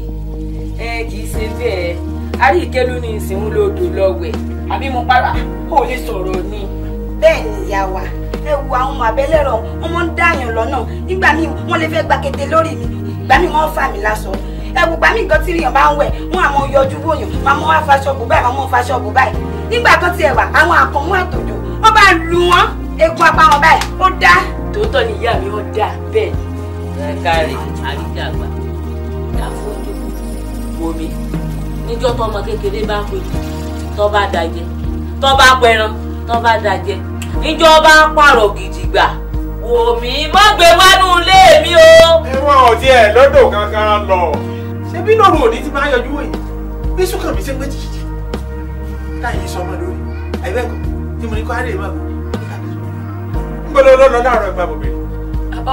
ẹ kì í ṣe bẹ́ẹ̀ àrí ìkẹ́lú ni ìsìnkú lódò lọ́wẹ̀ àbí mo para kó lè sọ̀rọ̀ ni. bẹ́ẹ̀ ni ìyá wa ẹ wo àwọn ọmọ abẹ́lẹ́rọ wọn mọ ń dáàyàn lọ́nà nígbà míì wọ́n lè fẹ́ gba kété lórí mi ìgbà míì wọ́n fà mí lásọ ẹ wo gbàmí nǹkan tí èèyàn bá ń wẹ̀ wọ́n àmọ́ yọjú wòyàn màmú wá faṣọ bù báyìí màmú faṣọ bù báyìí nígbà tó tiẹ̀ wà àwọn àkànmú àtòjò wọ́n bá lu wọn egun apá wọn báyìí ó dá. tòótọ́ ni ìyá mi ó dá bẹ́ẹ̀ ni ẹ káre àrídàgbà káfọ́jú omi níjọ́ tọmọ kékeré bá pè tọ́ bá dajẹ tọ́ bá pẹran tọ́ bá dajẹ níjọ́ bá pààrọ̀ gidigba omi má gbé wánú ilé mi o. ẹ wọ́n ọ̀dí ẹ̀ lọ́dọ̀ kankan lọ. ṣé bí lóru òní ti máa yọjú wòye bí sùkàn mi ṣe pé jìjì táyì sọ ọmọ lórí àìbẹ́ẹ̀kọ́ tí mo ní kó á lè máa bọ̀. ń gbọ́dọ̀ lọ́lọ́ láàárọ̀ ẹ̀ máa bọ̀ bẹ́ẹ̀.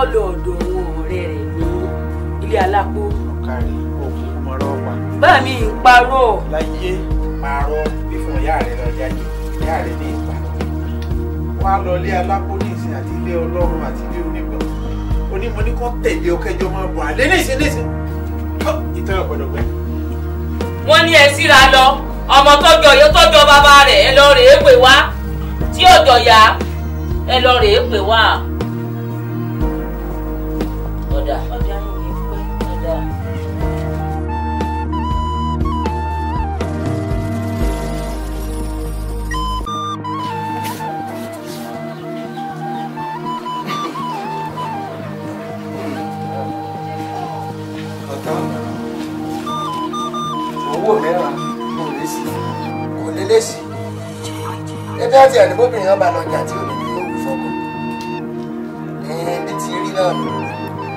ọlọ́ọ̀dọ́ ilé alápò. ọ̀kàrí òkú mọ̀rọ̀ wà. bá mi ń parọ́. láyé parọ́ bí fún ìyá rẹ̀ lọ jáde ìyá rẹ̀ ní ìpa. wọ́n lọ ilé alápò ní àti ilé ọlọ́run àti ilé onígbọ̀n. onímọ̀ ní kò tẹ̀lé ọkẹjọ́ máa bọ̀ àlẹ́ nísìn nísìn. ìtàn ọ̀gbọ̀dọ̀ gbẹ. wọ́n ní ẹ síra lọ ọmọ tọ́jọ yóò tọ́jọ bàbá rẹ̀ ẹ lọ rèé pè wá tí òjò yá ẹ lọ rèé pè wá. ti ẹni bóbìnrin náà bá lọ jà tí ò ní wù fọkọ ẹyin bí ti rí náà nù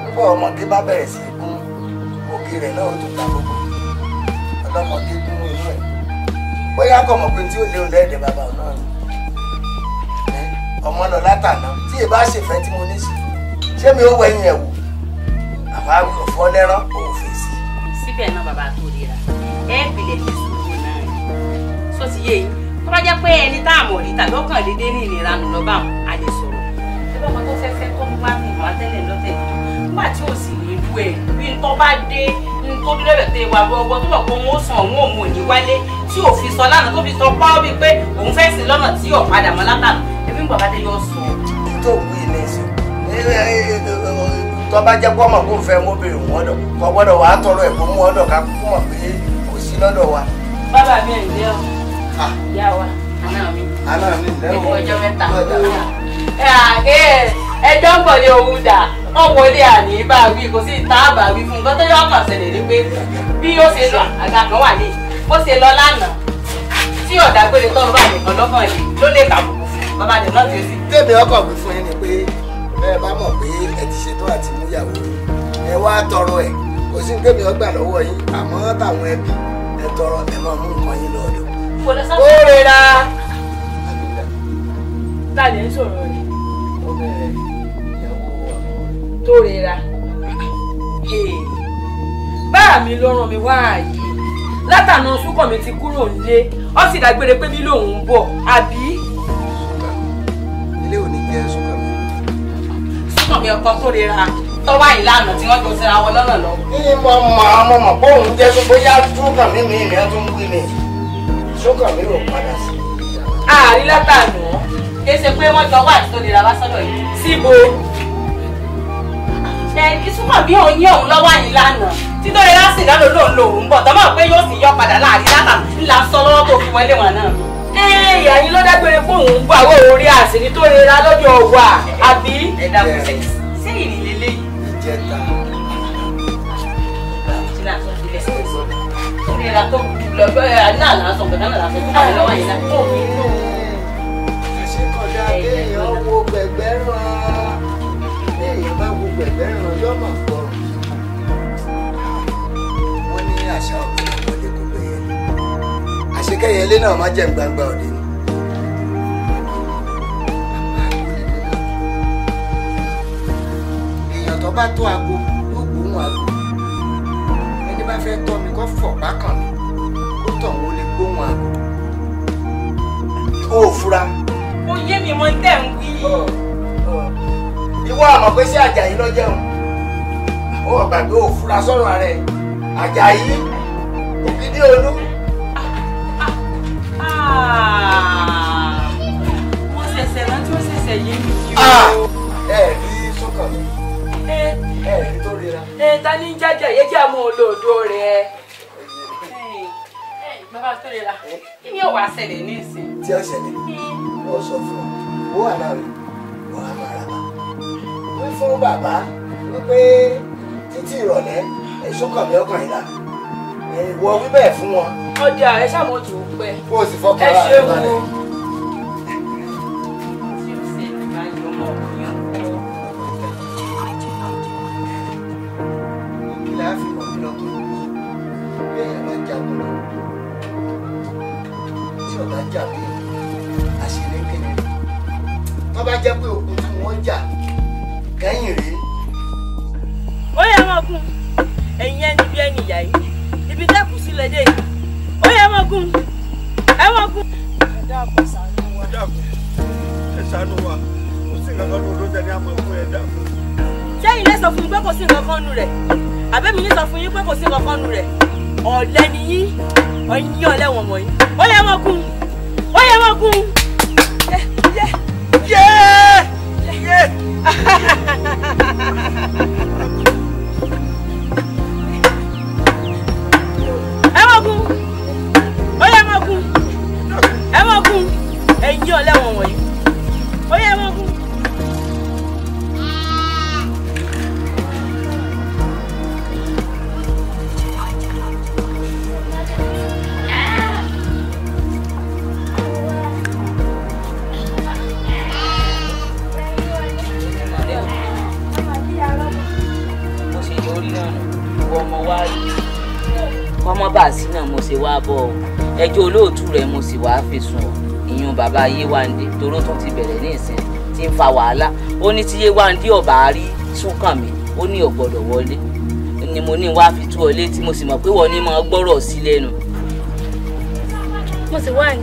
nígbà ọmọdé bá bẹ̀rẹ̀ sí í gún òkè rẹ̀ náà ó ta gbogbo ọlọ́mọdé gún inú ẹ̀ bóyá kọ̀ mọ̀ pé tí ó léwu lẹ́ẹ̀dẹ̀ bàbá ọ̀ náà ni ọmọ lọ látàná tí èbá ṣèfẹ́ tí mo ní sí ṣé mi ó wẹ̀yìn ẹ̀ wò àbá òfò ọlẹ́rán òun fèsì. síbẹ̀ náà bàbá tó rí ra ẹ̀ẹ́dìlẹ̀ ní sùúrù náà sọ ti yé yín tó bá jẹ́ pé ẹni tá a mọ̀ rí tàbí ọkàn dédé ní ìlera nù lọ́ba àwọn àyè sọ̀rọ̀ ṣé bọ́mọ tó fẹ́fẹ́ tó ń wá ní ìmọ̀ tẹ́lẹ̀ lọ́tẹ̀ nígbà tí ò sì ní ibú ẹ̀ bí tó bá dé ní tó dúró bẹ̀tẹ̀ wà gbọ́gbọ́ tó bọ̀ pé òun ó san òun òun ò ní wálé tí ò fi sọ lánàá tó fi sọ pa ó bíi pé òun fẹ́ sí lọ́nà tí ò padà mọ́ látàlú ẹbí ń bàbá dé yọ sọ. tó o ìyá wa àná mi ìlú ọjọ́ mẹ́ta ẹjọ́ ń bọ̀ ní òun dà ọ̀wọ́lé àní bá wí kò sí ìta àbá wí fún un gbọ́dọ̀ yóò kàn ṣẹlẹ̀ ní pé bí ó ṣe lọ àga kan wà ní bó ṣe lọ lánàá tí ọ̀dà gbére tọ́nu bá nìkan lọ́kàn yìí ló lè kàbùkù fún bàbá rẹ̀ náà ti sí. tèmi ọkọ̀ mi fún yín ni pé bẹ́ẹ̀ bá mọ̀ pé ẹ ti ṣètò àti múyàwó ẹ wá tọrọ ẹ̀ kò sí ní tèmi ọgbà lọ́wọ́ yín àmọ́ táwọn ẹbí ẹ tọrọ ẹ máa mú nǹkan yín lọ́dọ̀ ó rera. ń sọ̀rọ̀ rẹ̀. tó rera. báà mi ló ràn wá yìí látànà súnkàn mi ti kúrò nílé ó sì dágbére pé bí lòun ń bọ̀ àbí. ilé ò ní jẹ́ súnkàn mi. súnkàn mi ọkọ tó rera tọ́wá ìlànà tí wọ́n tó síra wọn lọ́nà lọ. ní mo mọ̀ ọmọ mọ̀ bóun jẹ́ tó bóyá túkàn mímì rẹ̀ tó ń wí mi sókàn mi ò padà sí. àárín látàánú kí ṣe pé wọ́n jọ wà tó lè ra wá sọ́dọ̀ yìí síbo. ẹni súnmọ́ bí òun yẹ òun lọ́wọ́ yìí lánàá títọ́ rẹ lásì ìdálò lòun lòun bọ̀ tọ́mọ̀ pé yóò sì yọ padà láàrin látàánú ńlá sọ lọ́wọ́ tó fi wọlé wọn náà. ẹ̀yà yín ló dágbére fún òun gbọ́ àwọn orí àṣírí tó rẹ ra lọ́jọ́ ọ̀wà àbí. ẹ dàgbọ́ sẹ́yìn lọ́jọ́ náà lásán gbọ̀dá náà lásán gbọ̀dá lọ́wọ́ yìí náà. àṣekọ̀dá kéèyàn wo gbẹ̀gbẹ́ rán kéèyàn bá wo gbẹ̀gbẹ́ rán yọ̀mọ̀ gbọ̀rọ̀ wọ́n ní àṣà ọ̀gbìn ọmọdé kò gbé yẹn ilé náà má jẹ́ gbangba òde èèyàn tó bá tó aago ló gbóhùn aago ẹni bá fẹ́ tọ́ mi kó fọ̀ bákan mi ó tàn wọ́n lè gbóhùn àgọ́ ó fura. kò yé mi mọ tẹ́ ń wí. ìwọ àmọ̀ pé sí Àjàyí lọ jẹun ó gbàgbé ó fura sọ̀rọ̀ rẹ̀ Àjàyí òbídé olú. Ah, ah. mo ṣẹ̀ṣẹ̀ rántí ó ṣẹ̀ṣẹ̀ yé mi kí o. Ah, ẹ rí sọ́kàn mi eh, ẹ rí tó rira. ẹ eh, ta ni jájà yéjà mọ́ olóòdó rẹ̀ bàbá àtúndé la eh? kí ni ọwọ́ àṣẹlẹ̀ ní ìsìn. tí ó ṣẹlẹ̀ ó sọ fún ọ wọ́n àná rẹ̀ wọ́n á máa rábà wí fún bàbá wípé títí ìrọ̀lẹ́ ẹ̀ṣọ́ kàn mí ọkàn ìlà ìwọ wí bẹ́ẹ̀ fún wọn. ọjà ẹ ṣàmójú pẹ. ẹ ṣe sọ fún yín pé kò sí nǹkan kan nù rẹ̀ àbẹ́mi ní sọ fún yín pé kò sí nǹkan kan nù rẹ̀ ọ̀lẹ ni yín ọ̀yìn ọ̀lẹ wọ̀n wọ̀nyí ó yẹ wọ́n kú ó yẹ wọ́n kú. yé yé yé. ẹjọ́ olóòtú rẹ̀ mo sì wáá fi sùn ọ́ ìyún bàbá Yéwándé toró tún ti bẹ̀rẹ̀ ní ìsìn tí ń fa wàhálà ó ní tí Yéwándé ọ̀bà rí Súnkànmí ó ní ò gbọ́dọ̀ wọlé ni mo ní wàá fi tú ọ létí mo sì mọ̀ pé wọ́n ní máa gbọ́rọ̀ sí lẹ́nu. mo sì wá ní.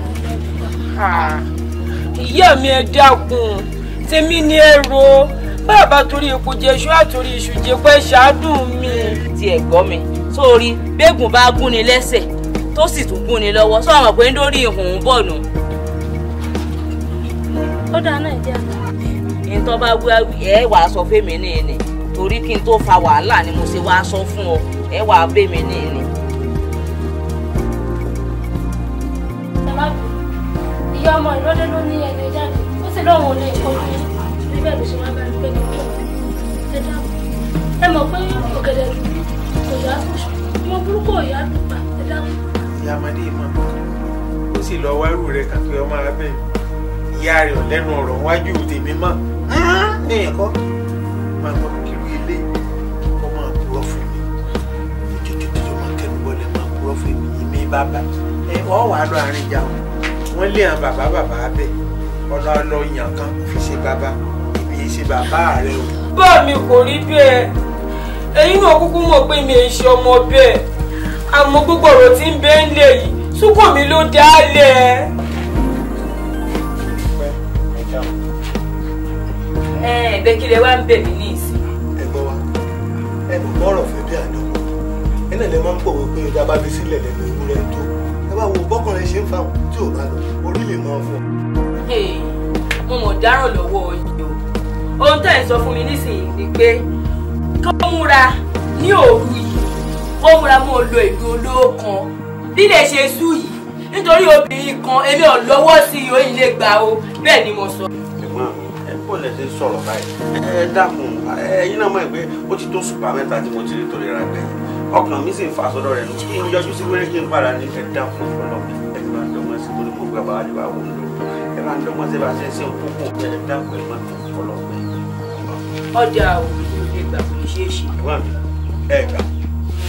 ìyá mi ẹ dákun tèmi ni ẹ ro bàbá torí ipò jésù àtòrí iṣu pé ṣáádùn mi. ti ẹ̀ mi sórí bẹ́ẹ̀gùn bá gún ni lẹ́sẹ̀ tó sì tún gún ni lọ́wọ́ sọ àwọn pé ń dórí ìhùn bọ̀ nù. ó dáa náà jẹ́ àná. ìtọ́ bá wí ẹ wà á sọ fẹ́mi ní ẹni torí kí n tó fa wàhálà ni mo ṣe wá sọ fún ọ ẹ wà á bẹ́mi ní ẹni. ìyá ọmọ ìrọ́lẹ́ ló ní ẹgbẹ́ jáde ó sì lọ́wọ́ olè ìkọlù ní bẹ́ẹ̀ ló ṣe máa bá ní pé kí n tó ẹ dáhùn ẹ mọ̀ pé ọ̀gẹ̀dẹ̀ kò yá kó ṣùgbọ́n burúkú ò yá lùpà ẹ dáhùn ìyá amadé ó sì lọ wárú rẹ̀ kàn ọmọ abẹ́ ìyá rẹ̀ ọ̀lẹ́nu ọ̀rọ̀ wájú tèmi mọ̀ ní ẹ̀kọ́ máa mọ kiri ilé kó máa purọ́ fún mi ojoojúmọ́ máa kẹnu bọ́lẹ̀ máa purọ́ fún mi ìmí bàbá ẹ ọ wà lọ àárín ìjà wọn wọn lé àwọn bàbá bàbá abẹ ọlọ lọ yàn kan fi ṣe bàbá ìbí ṣe bàbá rẹ o. bá mi kò rí bẹ́ẹ̀ ẹ̀yin náà kúkú mọ̀ pé mi ò ṣe ọmọ bẹ́ẹ̀ àmọ́ gbogbo ọ̀rọ̀ tí ń bẹ́ẹ̀ ń lè yìí súnkàn mi ló dá lẹ̀ ẹ́. kí lẹ wá ń bẹ̀ mí ní ìsìn. ẹ gbọ́ wa ẹ kò gbọ́ fẹ́ bí àdánwò ẹ náà lè máa ń pòwe pé ọjà bá fi sílẹ̀ lẹ́nu ewúrẹ́ tó ẹ bá wo bọ́kùnrin ṣe ń fa tí ò bá lọ orí lè máa fọ. mo mọ̀ dáràn lọ́wọ́ yìí o ohun tẹ́ ẹ̀ sọ fún mi nísìnyí ni pé kọ́ ní òru yìí ó múra mọ́ lo ìlú olówó kan lílẹ̀ ṣe sú yìí nítorí obìnrin kan èmi ò lọ́wọ́ sí i oyin lè gbà o bẹ́ẹ̀ ni mo sọ. ẹ̀gbọ́n ẹ bọ́ lẹ báyìí ẹ dákun ẹ̀yin náà mọ̀ pé ó ti tó ṣùpá mẹ́ta tí mo ti rí torí ra gbẹ̀ ọkàn mi sì ń fa sọ́dọ̀ rẹ̀ nù kí n yọjú sí wẹ́rẹ́ kí n padà ní ẹ dákun fọlọ́ ẹ bá ń dọ́gbọ́n sí torí mo gbà bá wájú wa wò ó ẹ bá ń dọ́gbọ́n sí bá ṣe ṣe òkúkú ẹ dákun ẹ má fọlọ́ ọjà òbí ló lè gbà kó ṣeé ṣe. ẹ̀gbọ́n mi ẹ gbà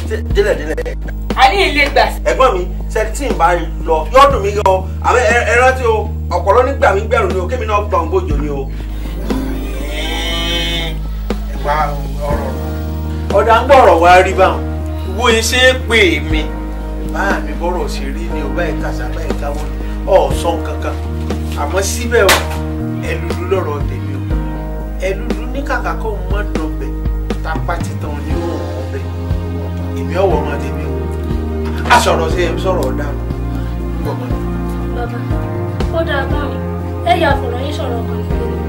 délẹ̀délẹ̀. a ní ilé gbà. ẹ̀gbọ́n mi sẹ́tìn bá ń lọ yọ́dún mi yọ àmọ́ ẹ rántí o ọ̀pọ̀lọ́ nígbà mi gbẹ̀rù ni o kémi náà gbọ̀n gbòjò ni o. ẹ̀wà ọ̀rọ̀ ọ̀dà ń gbọ̀rọ̀ wá rí báwọn. wo iṣẹ́ pè mí. báà mi bọ́rọ̀ ṣe rí ni o báyìí kàṣà báyìí káwọ́ ọ̀sán kankan àmọ́ síbẹ̀ o ẹlùlù lọ́rọ̀ tèmi o ẹlùlù ní kàkà kó mọ́ dọ̀bẹ̀ tá a pa títàn ni èmi ọ̀wọ̀ ọmọ tèmi o a sọ̀rọ̀ sí ẹ̀mí sọ̀rọ̀ ọ̀dà o ọmọ mi. bàbá ó dáa báwọn ẹ yà fọ̀rọ̀ yín sọ̀rọ̀ ọkàn ìfẹ́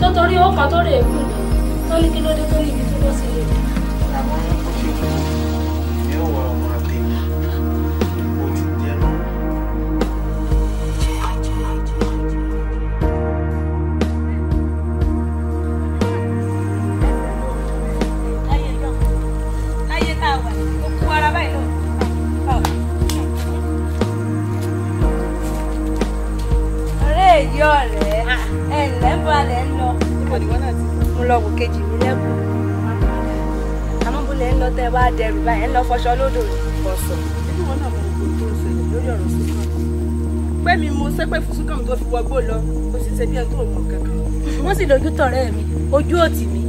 tó torí ó tó rè é kù tó ní kí ló dé tó ní ibi tó bọ́ sí ilé rẹ̀. bí ọ̀rẹ́ ẹ ǹlẹ́ ń balẹ̀ ń lọ. níbo ni wọ́n náà ti. mo lọ wò kejì mi lẹ́kùn. àmọ́ bó lè ń lọ tẹ́ ẹ bá dẹrù báyìí ẹ ń lọ fọṣọ lódò ọ̀sọ̀. ẹbí wọn náà mọ ohun tó ń ṣẹlẹ̀ lórí ọ̀rọ̀ sísan. pé mi mo sẹ́pẹ̀ fún súnkàmù tó fi wọgbó lọ ó sì ṣe bí ẹni tó mọ̀ kankan. wọ́n sì lójú tọ̀rẹ́ mi ojú òtì mi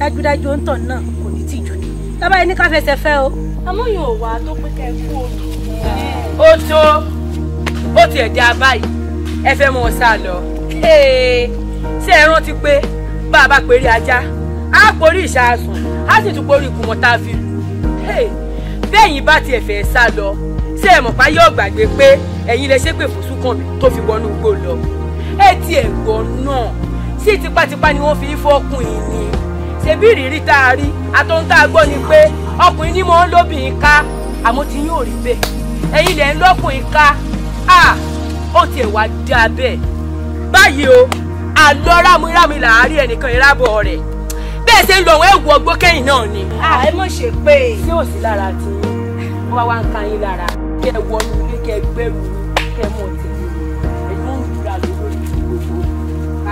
dájúdájú ó ń tàn náà kò ní tìjú ni. tọ́ba yẹn ní ká fẹsẹ̀ fẹ́ o. àmọ́ yóò wá tó pé kẹ́ ẹ kú òòlù. ó tó ó tiẹ̀ dé abáyìí ẹ fẹ́ mọ̀ sá lọ ṣé ẹ rántí pé bá a bá pèrè ajá á porí ìṣàásùn á sì tún porí ìkùmọ̀ tá a fi lù bẹ́ẹ̀yìn bá tiẹ̀ fẹ́ sá lọ ṣé ẹ mọ̀ pa yóò gbàgbé pé ẹ̀yin lè ṣépè fún Súnkànmí tó fi wọnú igbó lọ ẹ ti ẹ̀gbọ́n náà sí tipátipá ni wọ́n fi fọ́kùn yìí ni ṣebí ìrírí tá a rí àtọ́n tá a gbọ́ ni pé ọkùnrin ni mò ń lóbìnrin ká àmọ́ tí yóò rí bẹ́ẹ̀ ẹ̀yin lẹ̀ ń lọ́kùnrin ká ah ó tiẹ̀ wá dá bẹ́ẹ̀ báyìí o àlọ́ rámúrámú làárín ẹnìkan ìrábọ̀ rẹ̀ bẹ́ẹ̀ ṣe ń lọ òun ẹ̀wù ọgbọ́n kẹ́yìn náà ni. à ẹ mọ̀ ṣe pé tí ò sí lára tí wọ́n wá ń ka yín lára kẹ́ ẹ wọnú ilé kẹ́ ẹ gbẹ́rù kẹ́ ẹ mọ̀ tẹ̀lé ẹ̀yìn ń dúra lórí gbogbo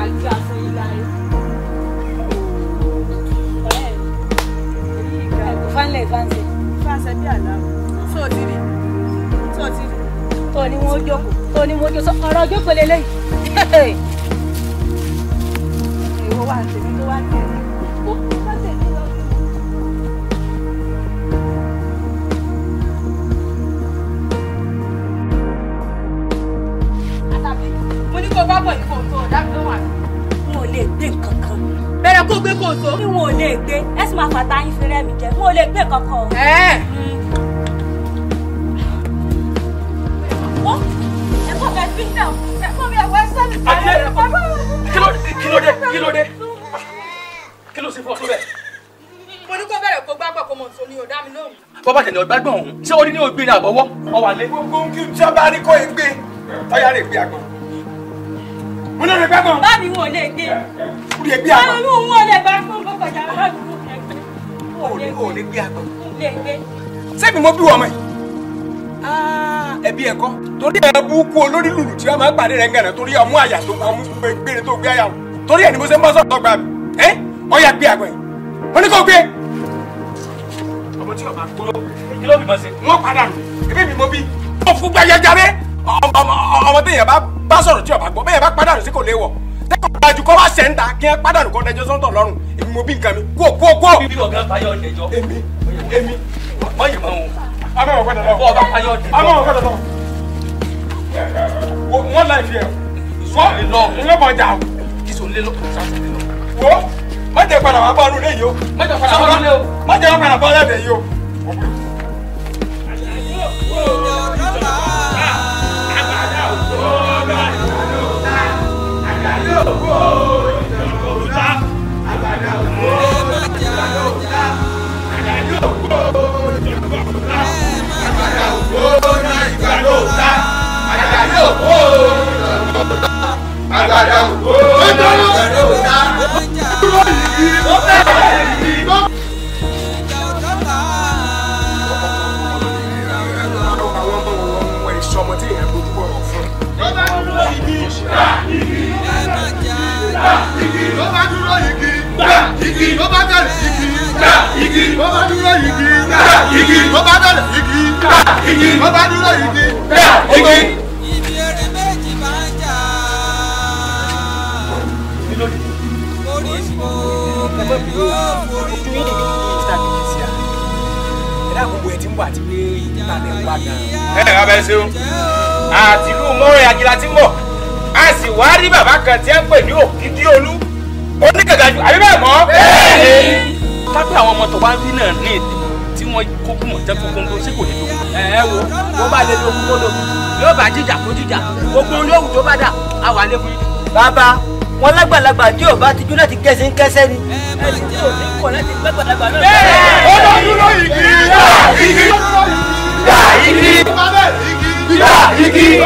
àgbà fún yín láyé. ẹ̀kú fánlẹ̀ fáńsẹ̀. fáńsẹ̀ bí àlá tó ti rí tó ti rí. tó o ní jókòó tó ni mo jọ sọ ọ̀rọ̀ ojú pèlè lẹ́yìn. ìwọ wà tèmi tó wà tèmi. mo lè gbé kankan. bẹ̀rẹ̀ lè gbé ẹ sì máa fàtà yín fi rẹ́ mi jẹ n lè gbé kankan. ẹ̀ẹ́. Hmm. kílódé kílódé kí ló ṣe fún ọ tó bẹ. mo ní kó bẹ̀rẹ̀ kó gbàgbọ́ kó mọ̀ tó ní ọ̀dá mi lóhùn. bọ́bá tẹ̀lé ọ̀gbágbọ̀n ọ̀hún ṣé orí ní ògbé ní àbọ̀wọ́ ọ wà lé. gbogbo ń kí n sábà rí kó e gbé táyà rè gbé àgbọn. mo lọ rè gbàgbọ́n. bá mi wọn ò lè gbé. o lè gbé àgbọn. báwo wọn ò lè gbàgbọ́n kó kọjá lọ́dún. o ò lè gbé àgbọn. sẹ́mi mo bí wọ́n mọ́ yìí. Ah, ẹbí ẹ̀kọ́ torí ẹ̀ búkú olórí lulu, tí wọ́n máa ń pàdé rẹ̀ gànà torí ọmú àyà tó ọmú gbére tó gbé àyàwó torí ẹ̀ ni mo ṣe ń bọ́ sọ̀tọ̀ gbà mí ẹ́ ọ̀yà gbé àgbẹ̀ ó ní kó gbé. ọmọ tí ọba gbó kí ló bí mọ sí. padà nù ebi mi mo bí. ó fún gbẹyẹjarẹ ọmọ téèyàn bá bá sọ̀rọ̀ tí ọba gbọ́ bẹ́ẹ̀ bá padà nù sí kò léwọ̀ tẹ́kọ̀ gbájú kọ́ bá ṣẹ̀ ń ta kí wọ́n padà nù kọ́ dẹjọ́ sọ́ńtọ̀ lọ́rùn èmi mo bí nǹkan mi kó kó kó. bíbí ọ̀gá fayọ̀ dẹjọ́. èmi èmi wọ́n yìí mọ́ wọn a máa wọ gbọ́dọ̀ lọ. bọ́ọ̀ bá payọ́ ọ̀dẹ̀. a máa wọ gbọ́dọ̀ It's wọ́n láì fi ẹ̀. ìṣòro lè lọ. ìṣòro bọ̀ jà. ìṣòro lè lọ. wo má jẹ́ padà wá bọ́ọ̀lù lẹ́yìn o. má jẹ́ padà bọ́ọ̀lù lẹ́yìn o. má jẹ́ padà bọ́ọ̀lù lẹ́yìn o. gbóná ìgbà ló ta òkú àgbàdo ìgbà ló ta. ọmọ tí èèyàn ló bá dúró igi gbà igi gbà igi ló bá dúró igi gbà igi ló bá bẹ̀rẹ̀ igi gbà igi ló igi gbà igi tó bá dọ̀lẹ̀ igi gbà igi tó bá dúró igi gbà igi. ibi eré méjì bá ń jà orí mo pẹ̀lú orí mo lágbogbo ẹ ti ń bọ̀ àti pé ìtàlẹ̀ ń wá gan. ẹ ẹ abẹ ṣeun àtìlú mọ́rin àjìlá ti ń bọ̀ a sì wá rí bàbá kan tí ẹ ń pè ní òkìdí olú onígàgàjù àbí bẹ́ẹ̀ mọ́. bẹ́ẹ̀ ni. ká àwọn ọmọ tó wá rí náà ní ìdí wọn kó kú mọ̀tẹ́ kókóńgó sí kò ní dogun. ẹ ẹ wo wọ́n bá lè dogun kó dogun yóò bá jíjà kó jíjà ogun olóhùn tó bá dà á wà lé fún yín. bàbá wọn lágbàlagbà tí yóò bá tijú láti kẹsẹ̀ ń kẹsẹ̀ ni. ẹ ẹ tí yóò ní kọ̀ láti lágbàlagbà náà. bẹ́ẹ̀ olódúró igi ìyá igi ìyá igi ìyá igi.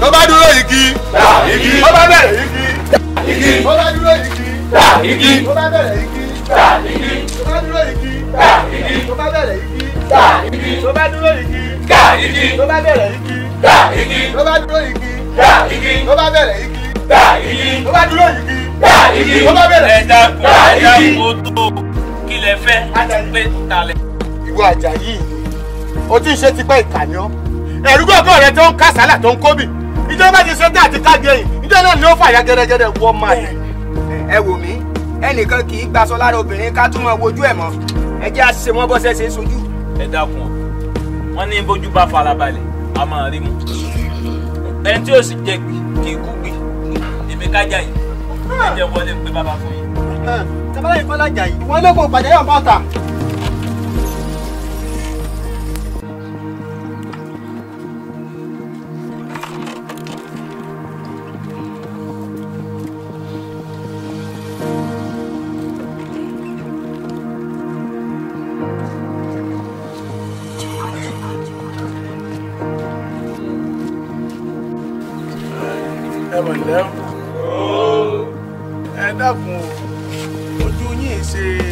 tó bá dúró igi. dà igi. tó bá bẹ̀rẹ̀ igi. dà igi. tó bá dúró igi. dà igi. tó bá bẹ̀rẹ̀ igi. dà igi. tó bá dúró igi. dà igi. tó bá bẹ̀rẹ̀ igi. dà igi. tó bá dúró igi. dà igi. tó bá bẹ̀rẹ̀ igi. dà igi. tó bá dúró igi. dà igi. tó bá bẹ̀rẹ̀ igi. dà igi. tó bá dúró igi. dà igi. tó bá bẹ̀rẹ̀ igi. dà igi. ẹja kò ẹja kò tó kílẹ̀ fẹ́ pé talẹ̀. ìwọ Àjàyí o ti ń ṣe tipẹ́ ìkànnì ọ ẹ̀rú gbọ̀ngàn rẹ tó ń kásálà tó ń kóbì ìjọba ti ṣe tẹ́ àti kájẹ yìí ìjọba náà ni ó fàyà gẹ́gẹ́dẹ́ wọ́ máa yẹ. ẹ wò mí ẹnìkan kì í gbaṣọ lára obìnrin ká tún mọ wojú ẹ mọ ẹ jẹ́ àṣìṣe wọn bọ́sẹ̀ ṣe é sojú. ẹ dákun wọn ní bójú bá farabalẹ̀ a máa rí mu ẹni tí yóò sì jẹ gbì kì í kú gbì èmi kájà yìí ẹ jẹ wọlé pé bàbá fún yìí. tẹ́lẹ̀ ìfọ́lájà yìí wọ́n lé kó pàjẹ́ yọ̀ bọ́ta. ń ṣe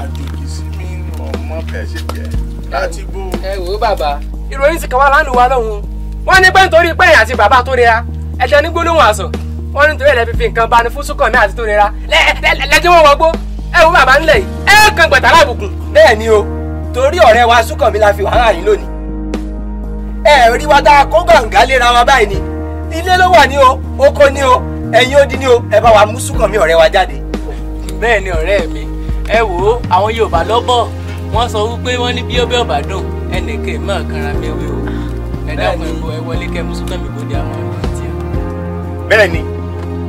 àjòjì sí mi ọmọ bẹ́ẹ̀ ṣe jẹ́ láti bó. ẹ wò ó bàbá ìròyìn ti kàn wá lánàá wa lọ́hùn wọ́n ní pé nítorí pé ẹ̀yìn àti bàbá tó rira ẹ̀jẹ̀ ní gbólóhùn àṣọ wọ́n ní nítorí ẹ̀ lẹ́bi fi nǹkan bá ní fún Súnkànmí àti tó rira lẹ́jẹ̀ wọ́n wọgbó ẹ wò bàbá ńlẹ̀ yìí ẹ kàn gbẹ̀tà lábùkù bẹ́ẹ̀ ni o torí ọ̀rẹ́ wa Súnkànmí la fi wàhálà yìí lónìí ẹ rí wa tá a kó gàǹgà léra wa báyìí ni ilé ló wà ní o oko ní o ẹ̀yin odi ní o ẹ bá wa mú Súnkànmí ọ̀rẹ́ wa jáde bẹ́ẹ̀ ni ọ̀rẹ́ mi ẹ wò ó àwọn Yorùbá lọ́bọ̀ wọ́n sọ wípé wọ́n ní bí ọbẹ̀ ọ̀bà dùn ẹnìkẹ́ mọ́ kanra mẹ́wé o ẹ dákun ẹ̀bọ ẹ wọlé kẹ́ mùsùlùmí mi bòde àwọn ọmọ ìtì. bẹ́ẹ̀ ni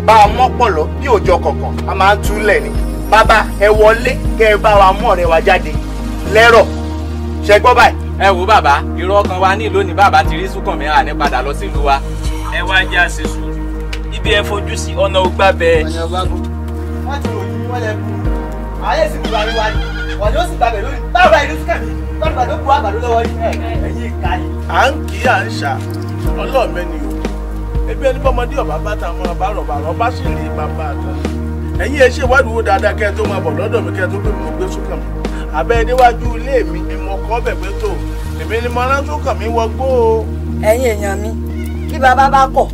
bá a mọ́pọ̀lọ́ bí òjò kọ̀ọ̀kan a máa ń túlẹ̀ ni bàbá ẹ wọlé kẹ́ ẹ bá wa mú ọ̀rẹ́ wa jáde lẹ́rọ̀ ṣẹ gbọ́ báyìí. ẹ wo bàbá irọ́ kan wa ní ìlú ni bàbá ti rí Súnkànmí àní padà lọ sílùú wa. ẹ wá jẹ́ àṣeṣù ibi ẹ fojú sí ọ̀nà ògbà bẹ́ẹ̀. ọ̀nà ògbà bẹ́ẹ̀ mọ́lẹ̀ kú ayé sì bu àríwá ni wọ́n ni ó sì gbàgbé lórí báwo ìlú sí kàmí tọ́lùbà ló bu àgbàdo lọ́wọ́ yìí ẹ̀yìn ìka yìí. à ń kí à ọlọ́ọ̀mẹ ni o ebi ẹni bọ́mọdé ọ̀bá bá ta mọ́ ọba rọ̀bà rọ̀bá sì rí bàbá àtọ́ ẹ̀yin ẹ ṣe ìwádìí wo dáadáa kẹ́ ẹ tó máa bọ̀ lọ́dọ̀ mi kẹ́ ẹ tó gbé mi gbé sókàn mi àbẹ́ níwájú ilé mi ni mo kọ́ bẹ̀gbẹ́ tó èmi ni mo rán sókàn mi wọgbó o. ẹ̀yin èèyàn mi bí bàbá bá kọ̀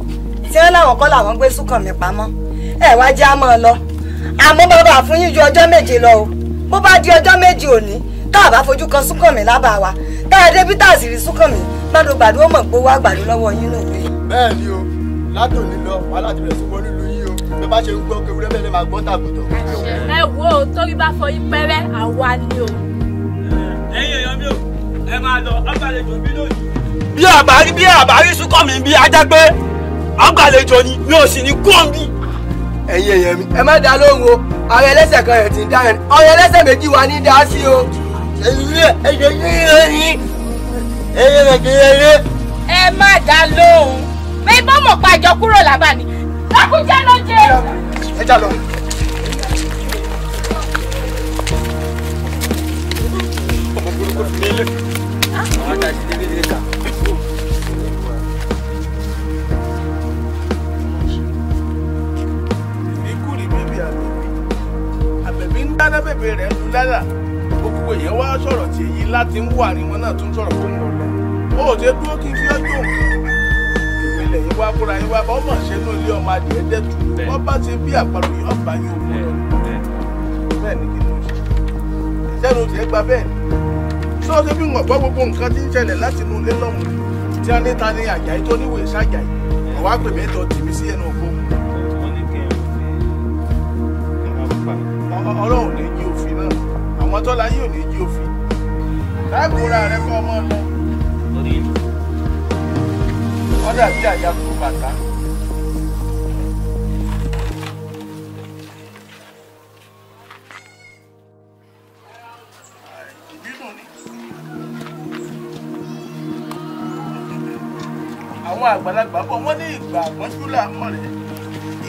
tí wọ́n láwọn kọ́ làwọn gbé sókàn mi pamọ́ wá jẹ́ àmọ́ lọ àmọ́ bàbá fún yín ju ọjọ́ méje lọ o bó bá di ọjọ́ méje òní tá a bá fojú kan Súnkànmí lábàá wa tá a débi tá a sì rí Súnkànmí gbàdúrà gbàdúrà mọ̀ pé wá gbàdúrà lọ́wọ́ yín náà. bẹ́ẹ̀ ni o látòní lọ wàhálà ti rẹ̀ sọ́kọ́ nílùú yìí o bí bá ṣe ń gbọ́ kéwúrẹ́ bẹ́ẹ̀ máa gbọ́ tàbùtọ̀. ẹ wo torí bá fọ yín pẹ́rẹ́ àwa ni o. ẹ̀yin èèyàn mi ò ẹ máa lọ ọgbàlejò bí lónìí. bí àbárí bí àbárí ẹ̀yin èèyàn mi. ẹ má dá lóhùn o àwọn ẹlẹ́sẹ̀ kan yẹn ti ń dá yẹn ọ̀rọ̀ ẹlẹ́sẹ̀ méjì wa ní dá sí o. ẹ má dá lóhùn bẹ́ẹ̀ bá mọ̀ pa àjọ kúrò lábà ni lákùjẹ́ ló jẹ́. ẹ já lọ. ọmọ burúkú fi mí lé. àwọn àtàkì délé lè kà. pé rẹ̀ ń láyà gbogbo èèyàn wá sọ̀rọ̀ tí èyí láti ń wà ní wọn náà tún sọ̀rọ̀ fún wọn lọ ó ṣe dúró kí n fi ọjọ́ ìpínlẹ̀ yín wá fúnra yín bá ọmọ ṣe ilé ọmọ adìẹ dẹ́tù wọ́n bá ti bí àparò yìí ọba yín òkú lọ bẹ́ẹ̀ ni kí ṣe ìṣẹ́nu tiẹ̀ gba bẹ́ẹ̀ ni sọ ṣe bí wọn gbọ́ gbogbo nǹkan tí ń ṣẹlẹ̀ láti inú ilé lọ́hùn tí a níta ní àjàyí tó níwèé ṣàjàyí ọ̀wá pèmí tó àmọ́ tọ́lá yóò ní jí òfin láàbùrà rẹ fún ọmọ lọ. wọ́n dàbí àjàkú bàtà. àwọn àgbàlagbà bọ̀ wọ́n ní ìgbà àpọ́njú làmọ́ rẹ̀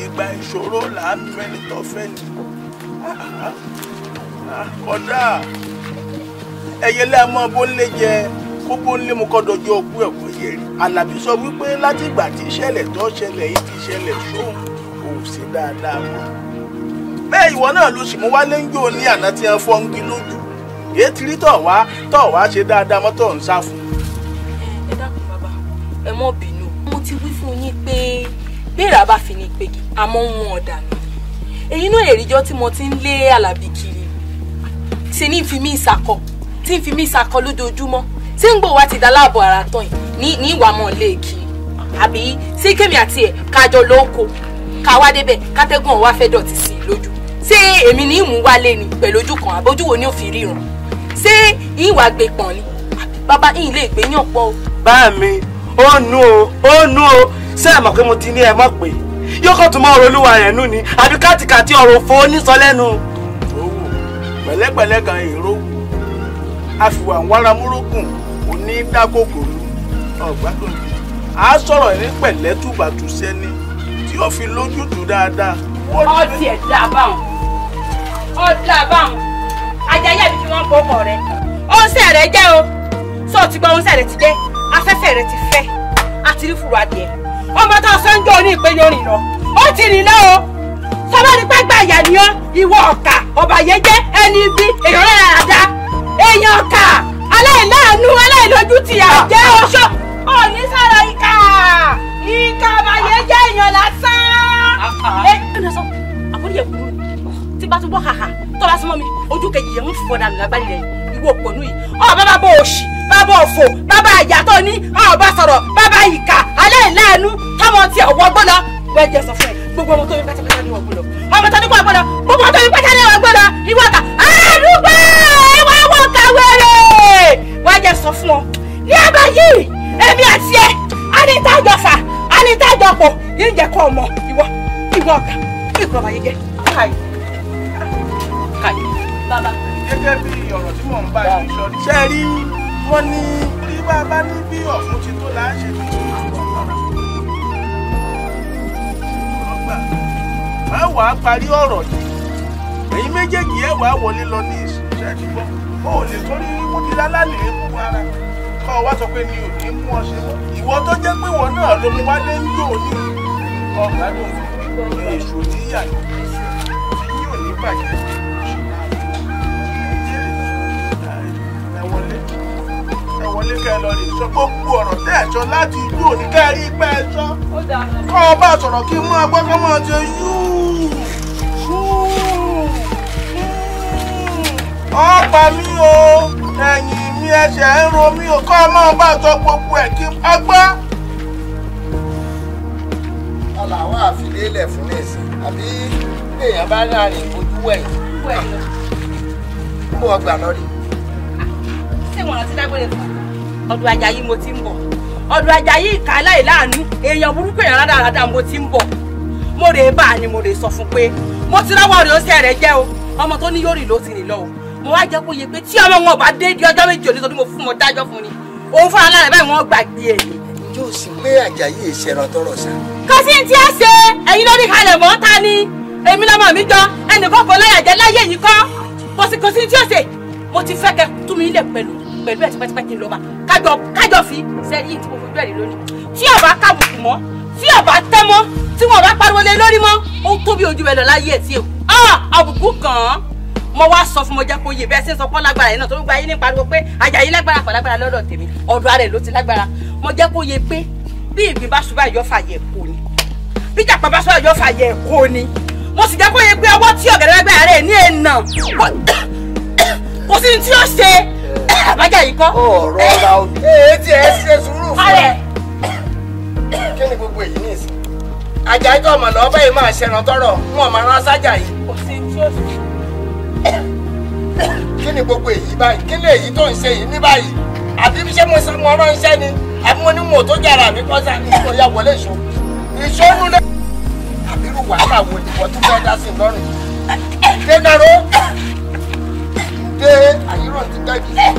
ìgbà ìṣòro là ń mẹ́ni tó fẹ́ ni kódà ah, ẹyẹ lẹ́ẹ̀mọ́ bó ń lé jẹ gbogbo ńlé mu kọ́dọ̀ jọ ogún ẹ̀kọ́ yẹ rí alábí sọ wípé láti ìgbà tí ìṣẹ̀lẹ̀ tó ṣẹlẹ̀ yìí ti ṣẹlẹ̀ sóhun òun ṣe dáadáa mọ́ bẹ́ẹ̀ ìwọ náà ló sì mú wálé ń jò ní àná tí wọ́n fọ́ ń gbin lójú èyí ti rí tọ̀ wá tọ̀ wá ṣe dáadáa mọ́ tọ̀ ń sá fún. ẹ dákun bàbá ẹ mọ bínú mo ti wí fún yín pé béèrè àbá fi ni pegi àmọ́ ń wọn ọ̀dà nù èyí náà èrìjọ tí mo ti ń lé alábí kiri ṣe ní ìfimi ìsàkọ tí ìfimi ìsàkọ lójoojúmọ́ ṣé ń gbòòwà ti dáláàbò ara tán yìí ní ìwà mọ̀ léèkì àbí ṣé kémi àti ẹ̀ kájọ ló ń ko káwá débẹ̀ kátẹ́gùn ọ̀wá fẹ́ dọ̀tí sí i lójú ṣé èmi ní ìmú wálé ni pẹ̀lú ojú kan àbójú wo ni ò fi ríran ṣé ìwà gbé pọ̀n ni bàbá yìí lè gbé yàn pọ̀ o. bá mi ó nu o ó nu o ṣé ẹ mọ̀ pé mo ti ní ẹ mọ̀ pé yóò kàn tún mọ́ ọ̀rọ̀ olúwa rẹ̀ nù ni àbí kátìkàtì ọ̀rọ̀ òfò onísọ lẹ́nu pẹ̀lẹ́pẹ̀lẹ́ kan èrò àfiwà wáramúrógùn òní dákòkòrò ọ̀gbádùn a sọ̀rọ̀ ní pẹ̀lẹ́tùbàtùsẹ́ ni tí ó fi lójútùú dáadáa. ọtí ẹ̀ dá báwọn ọ dá báwọn ajáyé àbí kí wọ́n pọ̀ ọkọ rẹ̀ ó ń sẹ̀ rẹ̀ jẹ́ o sọ ti gbọ́ ó ń sẹ̀ rẹ̀ ti jẹ́ afẹ́fẹ́ rẹ̀ ti fẹ́ àti rí fùrọ̀ adìẹ ọmọ tó sọ ń jọ ní ìpéjọ rìn lọ ó ti rìn lọ́wọ́ sábàdí pẹ́pẹ́ àyà ni ọ́ ìwọ ọ̀kà ọ̀bàyéjẹ́ ẹni ibi èèyàn rẹ̀ àdá èèyàn ọ̀kà aláìláàánú aláìlójútì àjẹ́ oṣó òní sọ̀rọ̀ ìkà ìkà ọ̀bàyéjẹ́ èèyàn lásán. Ah, ah. àbúrò tí bá tún bọ́ hàhà tó bá súnmọ́ mi ojú kejì yẹn ń fọ́ dànù lágbálẹ̀ rẹ̀ ìwọ òpònú yìí ọ̀ bàbá bò òṣì bàbá òfò bàbá àyàtọ̀ ní ọ̀ bá sọ̀rọ̀ bàbá ìkà aláìláàánú táwọn ti ọ̀wọ́ gbọ́dọ̀ gbẹ́jẹ sọ fún ẹ̀ gbogbo ọmọ tó yẹ pátápátá ni wọ́n ní kó gbọ́dọ̀ gbogbo ọmọ àdúgbò ìwọ ọwọ́ ọ̀gá wẹ̀rẹ̀ wọ́n á sọ fún ọ. ní abáyé èmi àti ẹ anítàjọ fà anítàjọ pọ̀ yìí ọmọ ìwọ ìwọ ọ̀gá ìkọ̀ ọ̀bà yẹn jẹ́ káyì káyì bàbá. gẹ́gẹ́ bí ọ̀rọ̀ tí mò ń bá yìí sọ ṣe rí wọ́n ní bí bàbá ní bí ọ̀fun ti tó láṣẹ tuntun àgbà á wà á parí ọ̀rọ̀ yìí ẹ̀yin méjèèjì ẹ̀ wà á wọlé lọ ní ìṣòṣẹ́ àdìgbọ́ ó lè torí ikú ti lálálẹ̀ ewu ara kọ́ ọ wá sọ pé mi ò ní mú ọ ṣe mọ́ ìwọ tó jẹ́ pé ìwọ náà ló mú wálé ń yò ní ọgbà tó fi ní èṣù tí yóò ní bàjẹ́ ṣùgbọ́n àwọn ọmọ ìjẹ́rìí ẹ̀wọ̀n lẹ́kọ̀ọ́ ẹ wọlé kẹ lọ rè sọ gbogbo ọ̀rọ̀ tẹ́ ẹ̀ sọ láti ìlú òní kẹ́ rí pẹ́ ẹ sọ kọ́ ọ bá sọ̀rọ̀ kí n mú ọgbẹ́ kọ́ mọ́ ọ ti yú ọ̀pá mi o ẹ̀yìn mi ẹsẹ̀ ń ro mi o kọ́ ọ mọ́ bá sọ gbogbo ẹ̀ kí n ọgbọ́. aláwọ̀ àfilélẹ̀ fún ẹ̀sìn àbí èèyàn bá láàrin ojú wẹ̀yìn mú ọgbà lọ rí ṣéwọn ọ̀rọ̀ ti dágbére fún ọdún ajayi mo ti ń bọ̀ ọdún ajayi ìka aláìláàánú èèyàn burúkú èèyàn rádaràda mo ti ń bọ̀ mo rè bá a ni mo rè sọ fún pé mo ti rọ́wọ́ rè ó rẹ̀ jẹ́ o ọmọ tó ní yóò rìn ló ti rìn o mo wá jẹ́ kó yẹ pé tí ọmọ wọn bá dé di ọjọ́ méjì òní torí mo fún mo dájọ́ fún ni òun fún aláàrẹ báyìí wọ́n gbàgbé ẹ̀ yóò sì pé ajayi ìṣẹ̀rọ̀ tọrọ sá. kọ́sí ti á ṣe ẹ̀yin lórí kalẹ̀ mọ́ ta ni èmi lọ́mọ mi jọ ẹnì mo ti fẹ́ kẹ́ tú mi lẹ̀ pẹ̀lú pẹ̀lú ẹ̀ tipẹ́tipẹ́ kí n lọ bá kájọ kájọ fi sẹ́yìn tí mo fojú ẹ̀ lé lónìí tí ọba kàbùkù mọ́ tí ọba tẹ́ mọ́ tí wọn bá pariwo lé lórí mọ́ ó tóbi ojú ẹ lọ láyé ẹ̀ tí èkó àbùkù kàn án mo wá sọ fún mo jẹ́ kó yé bẹ́ẹ̀ sí ń sọ pọ́n lágbára yìí náà tó gba yín ní pariwo pé àjàyí lágbára fà lágbára lọ́dọ̀ tèmi ọ̀dọ̀ ara ẹ̀ ló ti lágbára mo jẹ́ kó yé pé bí ìgbín bá ṣubá ìyọ́fà yẹ kó ni bí jàpá bá ṣubá ìyọ́fà yẹ kó ni mo sì jẹ́ kó yé pé ọwọ́ tí ọ̀gẹ̀dẹ̀ lágbára rẹ̀ ní èèyàn kò sí ní tí ó ṣe àbájá yìí kọ́. ọ̀rọ̀ oh, ra eh, o ní. ee tí ẹ ṣe sùúrù fún ẹ. kí ni gbogbo èyí nìyí sí. ajá ikọ̀ ọmọ lọ́ọ́ bẹ́ẹ̀ máa ṣẹran tọrọ wọn máa rán sájà yìí. kò sí ní tí ó ṣe. kí ni gbogbo èyí báyìí kí ni èyí tó ń ṣe yìí ní báyìí àbí ṣé mo sọ mo ránṣẹ́ ni àbí mo ní mò tó jàrà mi kọ́ sá ìṣó ya wọlé ìṣó ìṣó nulẹ̀ àbírú wàhálà wo ìwọ tún fẹ́ dá sí lọ́rùn dé àyíràn ti gbẹ́gi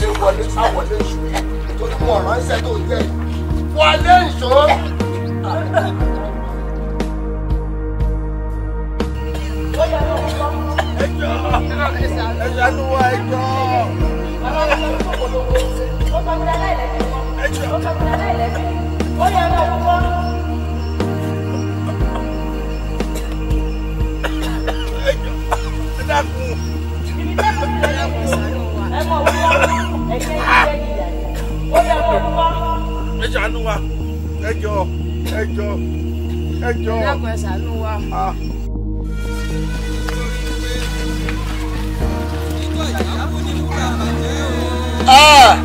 ṣe wọlé sáwọlé ìṣó torí mo ránṣẹ́ tó jẹ́ wọlé ìṣó. ẹjọ́ ẹjọ́ ló wá ẹjọ́. ó sọ fún ẹ láì lẹ́sìn ó sọ fún ẹ láì lẹ́sìn ó yẹ ẹ náà wọ́n. dákun Ah. Ah.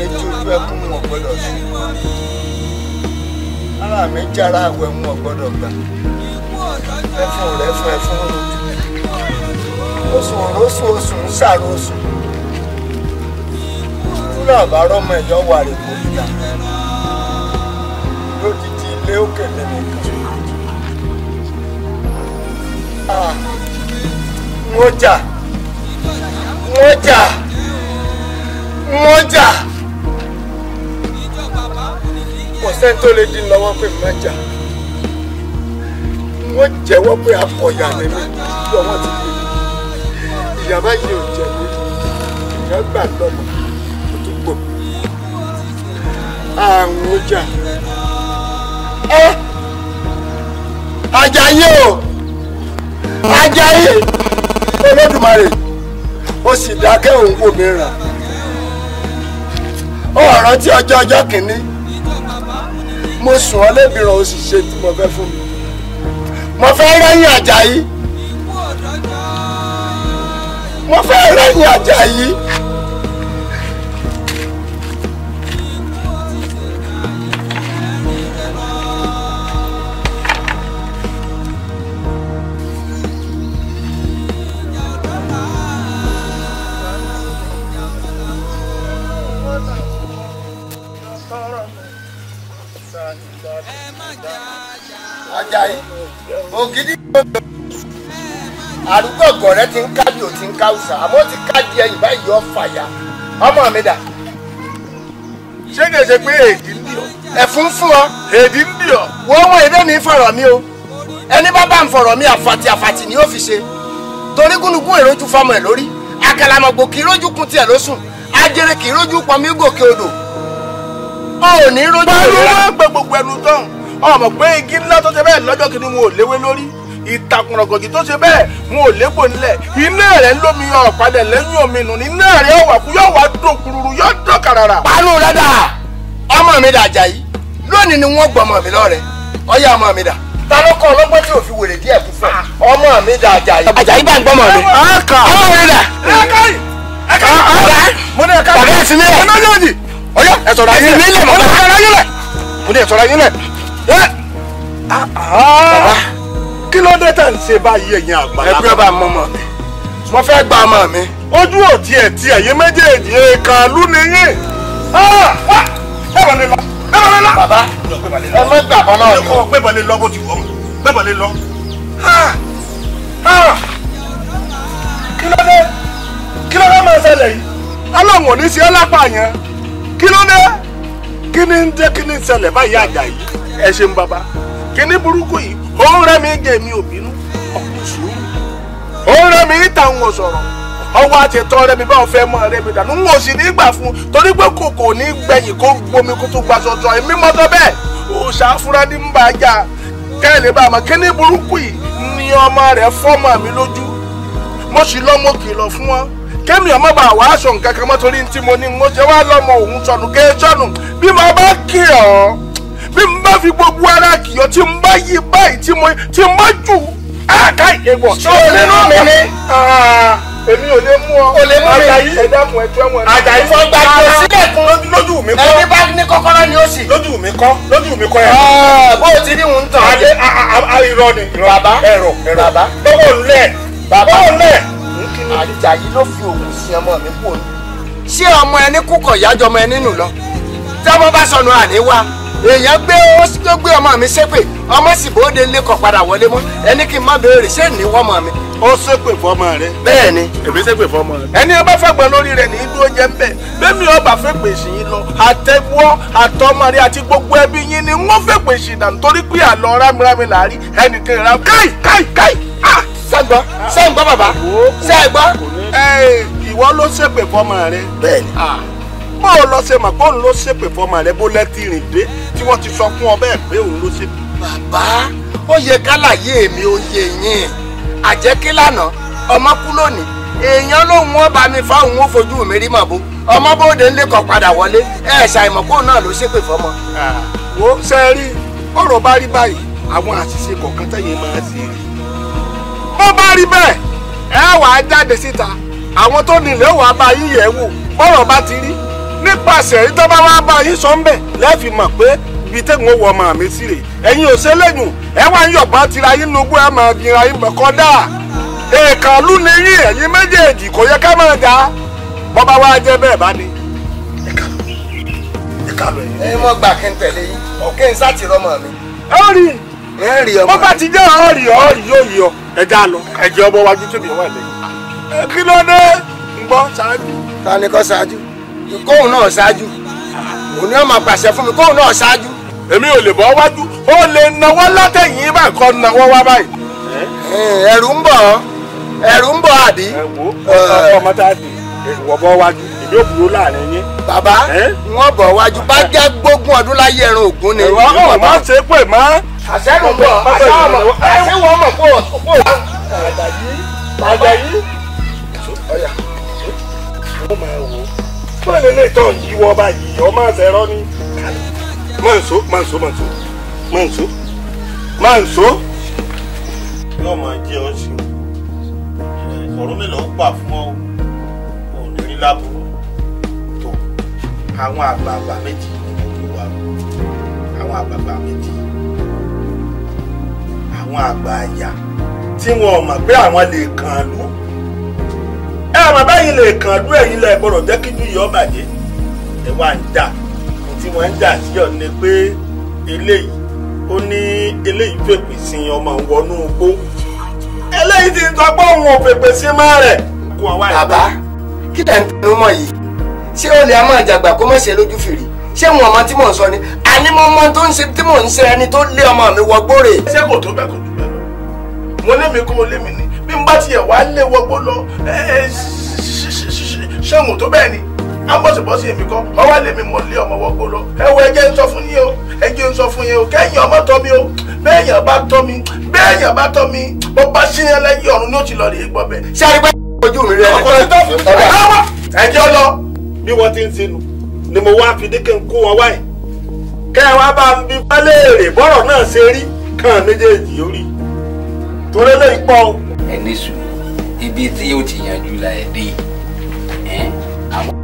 ẹ ara mi jára àwẹ mi wọn gbọ́dọ̀ ẹfun rẹ fún ẹfun lójú oṣù oṣù oṣù ń ṣàrò oṣù ìdúrà àbárọ ọmọ ẹyọ wà rè kò níta lójijì ilé òkè lẹnu kan wọ́n jà wọ́n jà wọ́n jà kò sẹ́ni tó lè dín lọ́wọ́ pé má jà wọ́n jẹ́wọ́ pé akọ̀yà ni mi lọ́wọ́ ti di ìyàmá yìí ò jẹ mí ìyàn gbà lọ́mọ ó tún gbò àrùn ọjà ẹ Àjàyí o Àjàyí Olódùmarè ó sì dákẹ́ òun wò mí rà ó rántí ọjọ́ ọjọ́ kìíní mo sùn ọ́ lébìrán ó sì ṣe tí mo fẹ́ fún mi mo fẹ́ rẹ́yìn Àjàyí mo fẹ́ rẹ́ ìwà jà yìí. Ajayi, ògidì gbogbo àrùgbọ̀ gọ̀rẹ́ ti ń kádìí ò ti ń káwùsà àmọ́ ti kádìí ẹ̀yìn báyìí yọ fàyà ọmọ mi dà. ṣé kìí ṣe pé èdè ń dìọ̀. ẹ̀fún fún ọ. èdè ń dìọ̀. wo ohun èdè mi fọ̀rọ̀ mi o ẹni bá bá ń fọ̀rọ̀ mi àfàtì àfàtì ni ó fi ṣe torí gúnugún èròjú fọmọ ẹ̀ lórí àkàlàmọ̀gbò kì í rójú kun tiẹ̀ lóṣùn ajere kì í rójú pọnmi gòkè odò o ò ní rójú. pẹ̀lú máa ń gbẹ gbogbo ẹnu tán ọmọ pé igi ńlá tó ti bẹ́ẹ̀ lọ́jọ́ kìíní wọn ò léwé lórí ìtàkùn ọ̀gọ̀gì tó ṣe bẹ́ẹ̀ mo ò légbò nílẹ̀ iná rẹ̀ lómi ọ̀padà lẹ́yìn omi nù iná rẹ̀ ọ̀wà kú yóò wá dùn kúrúrú yóò dùn kàràrà. pàánù ọmọ mi dà jà yìí lónìí ni wọ́n gbọ́ ọmọ mi ọmọ mi dà ta ló kọ́ ọlọ́gbọ́n tí fi wèrè díẹ̀ ọmọ mi dà jà yìí. bá ń gbọ́ ọmọ mi. ọmọ mi dà. ẹ̀ kí ló dé tà ń ṣe báyìí ẹ̀yin àgbàlagbà. ẹgbẹ́ bá mọ ọmọ mi mo fẹ́ gba ọmọ mi. ojú ò tiẹ̀ tiẹ̀ yé méjèèjì èèkàn lú ni yín. Ah, ah, ẹ wọlé lọ ẹ wọlé lọ. bàbá ẹ má gbà bọ́ náà lọ. gbé bọ́lé lọ bó ti wọ̀ gbé bọ́lé lọ. Ah, kí ló dé kí ló dé máa ṣẹlẹ̀ yìí. ọlọ́run ò ní ṣe é lápá yẹn kí ló dé kí ni ń dé kí ni ń ṣẹlẹ̀ báyìí àjà yìí. ẹ ṣeun bàbá kí ni burúkú yìí ó ń rẹ́ mi jẹ mi ò ó ń rẹ́ mi ìtàwọn ọ̀sọ̀rọ̀ ọwọ́ àtẹ̀tọ́ rẹ mi báwọn fẹ́ mọ rẹ mi dànù ń wò sí nígbà fún torí pé kòkò ní gbẹ̀yìn kó gbomi kó tó gbaṣọ jọ èmi mọ́tọ́ bẹ́ẹ̀ òòṣà ń bá a jà kẹ́lẹ́ bá a mọ̀ kí ní burúkú yìí ni ọmọ rẹ fọ́mọ mi lójú mo sì fún ọmọ bá wàá bí n bá fi gbogbo ara kìyọ tí n bá yí báyìí tí mo tí n bá jù àká ìgbẹ́gbọ̀. ṣé o lè mú mi ní. Ah, èmi ò lè mú ọ. o lè mú mi ní. ẹ dákun ẹ tún ẹ̀wọ̀n. àjàyí fọ́ gba kí o sílẹ̀ kún lójú mi kọ́. ẹni bá ní kọ́kọ́rọ́ ni ó sì. lójú mi kọ́ lójú mi kọ́ ẹ. Ah, bó o ti ní òun tàn. adé irọ́ ni. bàbá ẹ̀rọ ẹ̀rọ bàbá. bọ́wọ́ nlẹ̀ bọ́wọ́ nlẹ̀. àjàyí ló fi òògùn sí ọmọ mi kú òní. ṣé ọmọ ẹni kúkọ̀ yájọ ọmọ ẹni nù lọ? tí ọmọ bá sọnù àníwá èèyàn gbé ó ló gbé ọmọ mi ṣépè ọmọ sì bóde lẹkọọ padà wọlé mọ ẹni kí n má béèrè ṣé ní wọmọ mi. ó ṣépè fọmọ rẹ. bẹ́ẹ̀ ni. èmi ṣépè fọmọ rẹ. ẹni ọba fẹgbọn lórí rẹ ní ìlú oúnjẹ ń bẹ bẹẹmi ọba fẹpẹ sí yín lọ àtẹwọ àtọmọrí àti gbogbo ẹbí yín ni wọn fẹpẹ sí dànù torí pé àlọ rámìrámì là á rí ẹnìkan ìrà káì káì káì. sẹ́gbọ́ sẹ́gbọ́ bàbá sẹ́gbọ́. ìwọ ló ṣépè fọmọ rẹ. bẹ́ẹ̀ bó o lọ ṣe mọ̀ pé òun ló ṣépè fọmọ rẹ bó lẹ́tì dé tí wọ́n ti sọ fún ọ bẹ́ẹ̀ pé òun ló ṣépè. bàbá ó yẹ kálàyé mi ó yẹ yín àjẹkí lánàá ọmọ kú lónìí èèyàn lòun wọn bá mi fáwọn ó fojú mi rí màbo ọmọ bóde ńlẹ kọ padà wọlé ẹ ṣàìmọ̀kó náà ló ṣépè fọmọ. wo ṣe é rí ọ̀rọ̀ bá rí báyìí àwọn àṣìṣe kọ̀ọ̀kan tẹ̀yìn máa ṣe rí. bó bá rí bẹ́ẹ̀ ẹ wàá jáde síta àwọn tó nílẹ̀ wàá bá yíyẹ̀ wò bọ́rọ̀ bá ti rí nípasẹ̀ ìtọ́ba wa sọ ń bẹ̀ lẹ́ẹ̀fì mọ̀ pé ibi tẹ́gun ó ọmọ mi sí rè ẹ̀yin ò ṣe lẹ́yìn ẹ yọ̀bá tira yín nugú ẹ máa gbìnra yín bẹ̀kọ́ dà èèkàn lù ní yín ẹ̀yin méjèèjì kò yẹ ká máa dà wa jẹ́ bẹ́ẹ̀ bá ní. ẹ gbà kí n tẹ̀lé yín mi. rí ti jẹ́ rí kóun náà ṣáájú òun ni wọn fún mi kóun náà ṣáájú. èmi ò lè bọ́ wájú ó lè nawọ́ látẹ̀yìn bá kọ́ nawọ́ wá báyìí. ẹ̀rù ń bọ̀ ẹ̀rù ń bọ̀ àdí. ọmọ tá a dì ìwọ bọ́ wájú ìdí òkúrò láàrin yín. bàbá wọn bọ̀ wájú bá gbógun ọdún láyé ẹran ni. má ṣe má lè lè tọ̀ yí wọ báyìí ọmọ àṣẹrọ ni. má n so má n so má n so má n so má n so. yóò máa jẹ ọ sí ọ̀rọ̀ mélòó gbà fún ọ òní rí lábúrò tó àwọn àgbààgbà méjì ló wà àwọn àgbààgbà méjì àwọn àgbà àyà tí wọn ò mọ̀ pé àwọn lè kàn án lù ẹ àwọn báyìí lè kàn lú ẹ̀yìn lẹ gbọ́dọ̀ jẹ́ kí bíyì ọba jẹ́ ẹ wá ń jà kò tí wọ́n ń jà sí ọ̀ ni pé eléyìí ó ní eléyìí fèpè sí ọmọ wọnú igbó eléyìí ti sọ pé òun ò fèpè sí máa rẹ̀ kó àwa ìgbà. bàbá kí lẹ̀ ń tẹnu mọ́ yìí ṣé ó lè máa jàgbà kó má ṣe lójú fèrè ṣé wọn ọmọ tí mò ń sọ ni àní mo mọ tó ń ṣe tí mò ń ṣe ẹni tó lé ọmọ mi wọ gbóre. ṣé kò tó bẹ́ẹ̀ kò tó bẹ́ẹ̀ lọ mo lé mi kó mo lé mi n bí n bá tiẹ̀ wá lé wọgbó lọ ṣẹ́wọ̀n tó bẹ́ẹ̀ ni ambọ̀sibọ́sì èmi kọ́ ọwọ́ lèmi mo lé ọmọ wọgbó lọ ẹ wo ẹjẹ́ ń sọ fún yín o ẹjẹ́ ń sọ fún yín o kẹ́yìn ọmọ tọ́ mi o bẹ́ẹ̀yàn bá tọ́ mi bẹ́ẹ̀yàn bá tọ́ mi bó bá síyan lẹ́yìn ọ̀run ni ó ti lọ rèé gbọ́ bẹ́ẹ̀. ṣé àrígbá ojú mi rẹ ẹjọ́ lọ bí wọ́n ti ń sinú ni mo wá fi dékè ń kó wọn wáyé kẹ́ ẹ wá bá ń bí wálé èrè bọ́rọ̀ náà ṣe rí kàn méjèèjì orí torí lè pọ́n ẹni sùn ibi tí yóò ti yanjú la ẹ dé ẹ àwọn.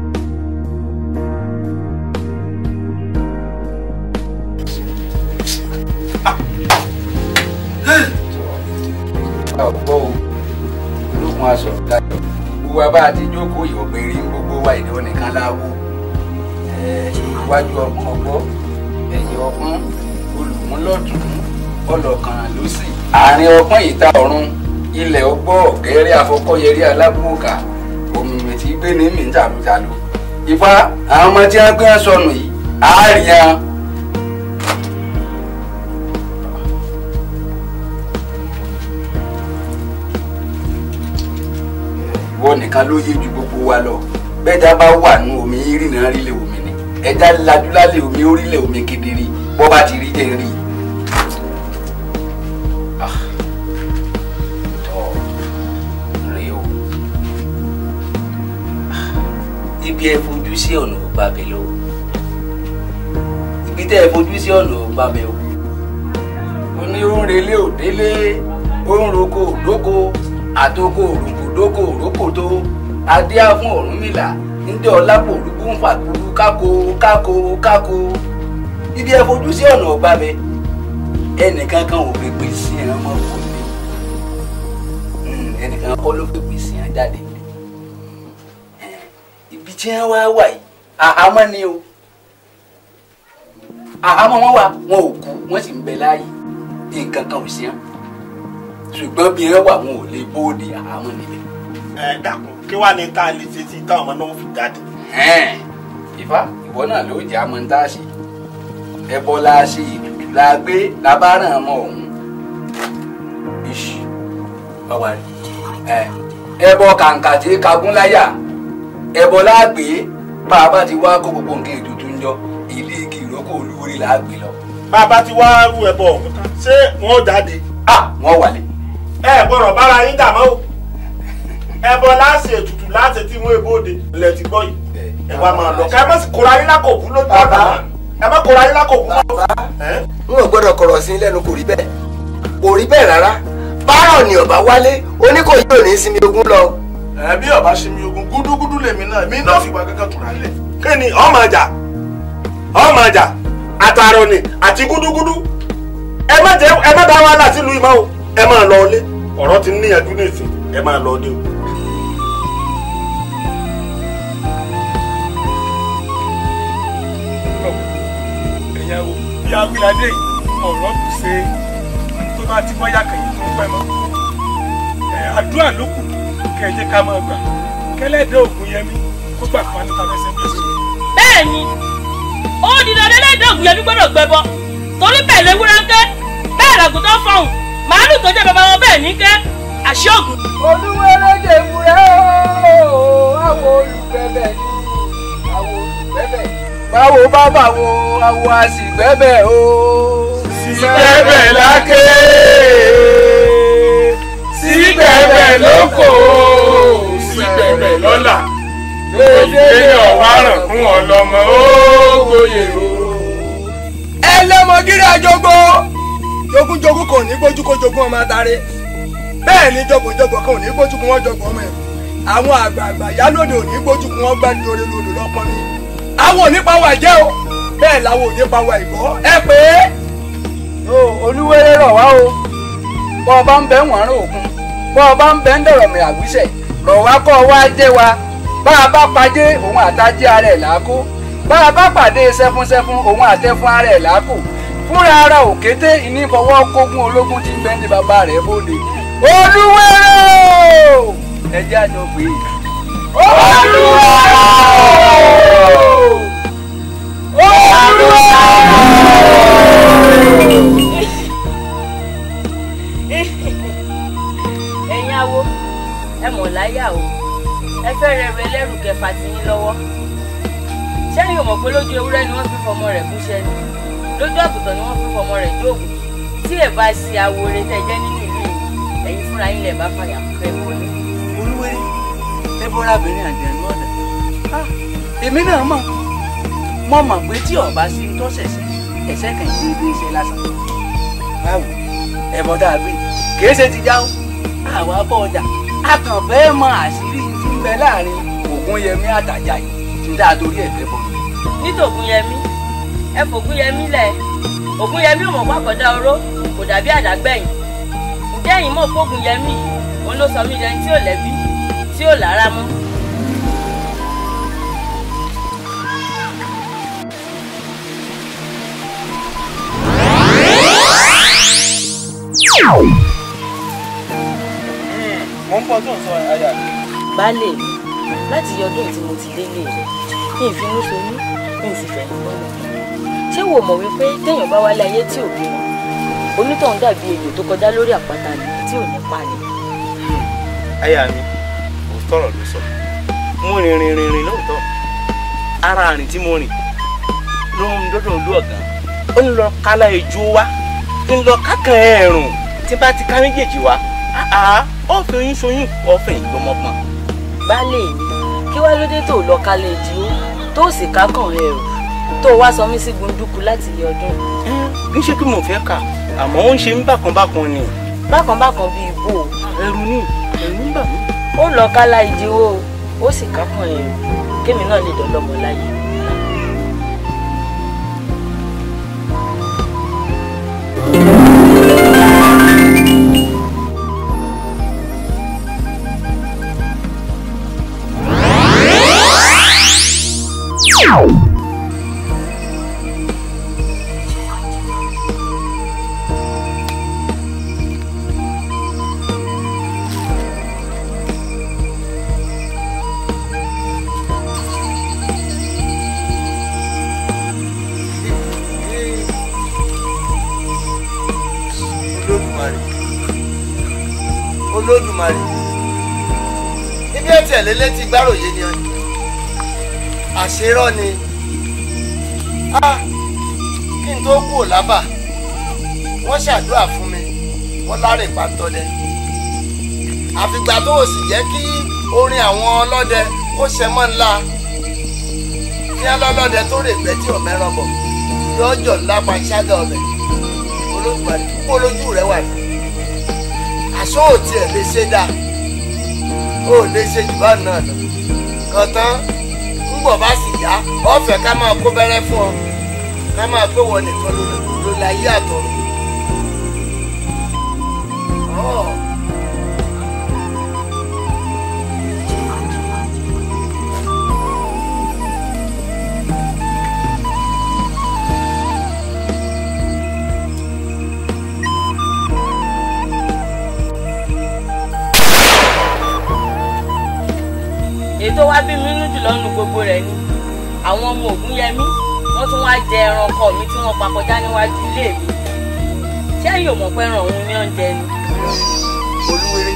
ọ̀pọ̀ ológun aṣọ ìdájọ́ gbogbo wa bá a ti jókòó ìwọ̀gbẹ́ rí gbogbo wa ìdíwọ́ nìkan láwọ́ iwájú ọkàn ọgbọ́ ẹ̀yìn ọpọ́n olùmúlọ́dún ọlọ́kàn lọ́sì àárín ọpọ́n ìta ọ̀run ilẹ̀ ọgbọ́ ọ̀kẹ́rẹ́ àfọkọ́yẹrí alágbóòkà òmìnir tí gbé ní mìjàmìjàlú ìfá àwọn ọmọ tí wọ́n gbé sọnù yìí àárín ìwọ nìkan ló yé ju gbogbo wa lọ bẹ́ẹ̀dá bá wà nù omi rìnnà rílẹ̀ omi ni ẹ̀dá ladúlálẹ̀ omi orílẹ̀ omi kedere bọ́ bá ti rí jẹ́ rí i. yẹ fojú sí ọ̀nà ọ̀gbàbẹ lọ ibi tẹ́ ẹ fojú sí ọ̀nà ọ̀gbàbẹ o ó ní ó ń relé òdélé ó ń roko òdóko àtoko òrùkòdóko òrókòtó adé àfún Ọ̀rúnmìlà ndé ọlápò olùkú fàkúrú káko káko káko ibi ẹ fojú sí ọ̀nà ọ̀gbàbẹ ẹnìkan kan ò fẹ́ pèsè ẹran mọ́ fún mi hmm, ẹnìkan kọ́ ló fẹ́ pèsè ẹran jáde tí wọ́n wá wà yìí àhámọ́ ni o àhámọ́ wọn wà wọn ò kú wọ́n sì ń bẹ láàyè nǹkan kan ò sí hàn ṣùgbọ́n bí wọ́n wà wọn ò lè bóde àhámọ́ níbẹ̀. ẹ dàpọ̀ kí wàá ní tá a lè ṣe sí táwọn ọmọ náà fi jáde. ìfá ìwọ náà ló jẹ́ àmọ́ ń dá sí ẹbọ la ṣe ìtùtù la gbé labáràn ọmọ òun ìṣì ọwàrí ẹbọ kàǹkà tí kagún láyà ẹbọ láàgbé bá a bá ti wá kó gbogbo nǹkan ètùtù ń jọ ilé igi ìrókò olúwèrè láàgbé lọ. bá a bá ti wá rú ẹbọ ṣé wọn ò jáde. a wọn wálé. ẹ gbọ́dọ̀ bára yín dà o ẹbọ láti ètùtù láti tí wọn èbóde lẹ ti gbọ́ yìí ẹ wá máa lọ ká ẹ má sì kóra yín lákòókò lójú ọ̀dà ẹ má kóra yín lákòókò. bàbá n ò gbọ́dọ̀ kọ̀rọ̀ sí lẹ́nu kò rí bẹ́ẹ̀ kò rí bẹ́ẹ̀ rárá báyọ̀ ni ọ̀bá wálé oníkòyí ò ní sinmi ogún lọ bí ọba ṣe mi ogun gúdúgúdú lèmi náà mi náà fìgbà kankan tura lẹ. kí ni ọmọ ajá ọmọ àjà àtàrọ ni àti gúdúgúdú ẹ má jẹ ẹ má dá wàhálà sílùú ìmọ̀ o ẹ lọ ọ̀rọ̀ ti níyànjú nìsín ẹ lọ o. kẹjẹ ká máa gbà kẹlẹ́dẹ̀ ògùn yẹn mi kó gbà fún anita lẹ́sẹ̀ lẹ́sẹ̀. bẹ́ẹ̀ni ó di dandan lẹ́dẹ̀ ògùn yẹn mi gbẹbọ torí bẹ́ẹ̀ lè wúra ńkẹ́ bẹ́ẹ̀ làgùn fọhùn màálù tó jẹ́ bàbá wọn bẹ́ẹ̀ ní ńkẹ́ àṣẹ ògùn. olúwo elédè ìwúrẹ́ ooo àwọn olùgbẹ́bẹ̀ ni àwọn olùgbẹ́bẹ̀ báwo bá báwo àwọn àṣìgbẹ́bẹ̀ ooo. sígbẹ́bẹ̀ lákè. síbẹ̀bẹ̀ lóko síbẹ̀bẹ̀ lọ́la èyíkéyìí ọ̀wárán fún ọlọ́mọ ògòyè o. ẹ lọ́mọ gírí àjọgbó jogúnjogún kò ní gbójú kó ọmọ adarí bẹ́ẹ̀ ni jọ̀gbọ̀jọ̀gbọ̀ kan ní gbójú ọmọ ẹ̀ àwọn àgbààgbà yálòdì ò ní gbójú kó wọ́n gbá lòdì lọ́pọ̀ o bẹ́ẹ̀ làwọn ò ní pa wà ìgbọ́ ẹ pé. o bọ́ ọ bá ń bẹ́ wọ́n bọ́ ọ bá ń bẹ́ ń dọ̀rọ̀ mìíràn àgbísẹ̀ rọ̀ wá kọ́ ọ wá jẹ́ wa bá a bá pàdé òun àtàjẹ́ ara ẹ̀ làákó bá a bá pàdé sẹ́fúnsẹ́fún òun àtẹ́fún ara ẹ̀ làákò fúnra ara òkété ìnífọwọ́ kógun ológun ti ń bẹ́ ní bàbá rẹ̀ bóde olúwẹ̀rẹ̀ ẹ àjọ pé olúwẹ̀rẹ̀ olúwẹ̀rẹ̀. láyà o ẹ fẹ́ rẹrù ẹlẹ́rù kẹfà ti yín lọ́wọ́ sẹ́yìn òmò pé lójú ewúrẹ́ ni wọ́n fi fọmọ rẹ̀ gúnṣẹ́ ni lójú àgùntàn ni wọ́n fi fọmọ rẹ̀ jóògùn tí ẹ̀ bá ṣe awore tẹ́ jẹ́ nínú ìlú yìí ẹ̀yin fúnra yín lẹ̀ bá fàyà kẹ́ wọlé. olúwerí ẹ bọ́ra abìnrin àjẹ́ ní ọ̀dà ah, èmi náà mọ̀ mọ̀ mọ̀ pé tí ọ̀bá sí tọ́sẹ̀ sí ẹ̀sẹ̀ kàn yí ibi ìṣe lásán báwo ẹ̀bọ̀dà bíi kì í ṣe ti jáwó àwa bọ̀ ọjà a kàn fẹ́ mọ àṣírí tí ń bẹ láàrin ògúnyẹmí àtàjà yìí tí dáa torí ẹ̀ fẹ́ bọ̀. nítògúnyẹmí ẹ fògúnyẹmí lẹ ògúnyẹmí ò mọ̀ pàkọ́dá oró kò dàbí àdágbẹ̀yìn ǹjẹ́ ẹ̀yin mọ̀ fògúnyẹmí òun ló sọ mí lẹni tí ò lẹ́bí tí ò lára mọ́. Ow! mo ń bọ́ tó ń sọ aya mi. baálé mi láti yọdún tí mo ti délé rẹ kí n finú ṣoyún kí n sì fẹ̀yìn lọ́nà ṣé wò mọ̀ wípé téèyàn bá wálé ayé tí ò bí wọn onítọ̀hún dàbí èlò tó kọjá lórí àpáta ni tí ò ní pa ni. Hmm. aya mi kò tọrọ ló sọ mo rìn rìn rìn rìn lóòótọ́ ara àrìn tí mo rìn ló ń dọ́dọ̀ olú ọ̀gá ó ń lọ kálá ejò wá ń lọ kákan ẹ̀rùn tí bá ti ká méjèèjì wá ó fi oyún ṣoyún ọfẹ ìgbọmọpọn. baálé mi kí wàá lóde tó lọ kálẹ̀ ìdíwó tó sì kákàn rẹ o tó wá sọ mí sí gbunduku láti yẹ ọdún. kì í ṣe pé mo fẹ́ kà àmọ́ ó ń ṣe mí bákanbákan ni. bákanbákan bíi ibo ẹrù ni ẹrù ń bà mí. ó lọ kálá ìdíwó ó sì kákàn rẹ o kémi náà lè dán láyé. irọ́ ni ah, kí n tó kú lábà wọ́n ṣàdúrà fún mi wọ́n lárìn pàtọ́dẹ àfìgbà tó o sì jẹ́ kí orin àwọn ọlọ́dẹ ó ṣe mọ́ ńlá kí ọlọ́dẹ tó rè pẹ́ tí ọ̀mẹ́ràn bọ̀ lọ́jọ́ ńlá pa ṣága ọbẹ̀ olóògbàdì rẹ wà ní. àṣọ òtí ẹ̀ lè ṣe dáa ó lè ṣe jù bá náà lọ kàn ń bọ̀ bá sì ìyá ọ̀fẹ́ ká máa kó bẹ́rẹ́ fún ọ ká máa pé wọ́n nìkan ló la yí àtọ̀run. ètò wá bí mi jùlọ nu gbogbo rẹ̀ ni àwọn ọmọ ògúnyẹmí wọ́n tún wá jẹ ẹran ọkọ mi tí wọ́n pa kọjá níwájú ilé mi ṣẹ́yìn ò mọ̀ pé ẹran òun ni ó ń jẹ ni. olúwere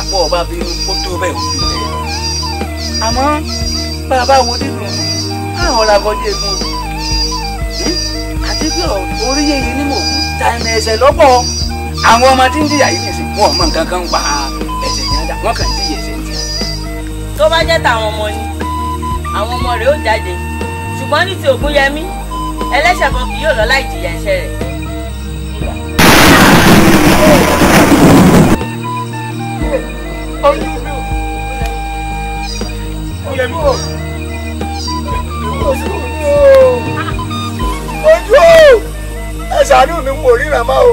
apò ọba bíi kó tó bẹ́ẹ̀ kó tó bẹ́ẹ̀. àmọ́ bá a bá wo nínú àwọn làkọjú egun o àti bí orí yeye ní mò ń ta ẹ̀mẹ̀ ẹ̀sẹ̀ lọ́pọ̀ àwọn ọmọ tí ń jìyà yìí nìsín wọn ò mọ nǹkan kan pa ẹ̀sẹ̀ yẹn dá wọn kàn ń jìyà ẹ̀sẹ̀ yẹn. tó bá jẹ́ tàwọn ọmọ ni àwọn ọmọ rẹ̀ ó jáde ṣùgbọ́n ní ti Ògúnyẹmí ẹlẹ́ṣẹ̀ kan kì yóò lọ láì jìyà ẹ̀ṣẹ̀ rẹ̀. ojú ẹ ṣàánú mi n kò ríran máa o.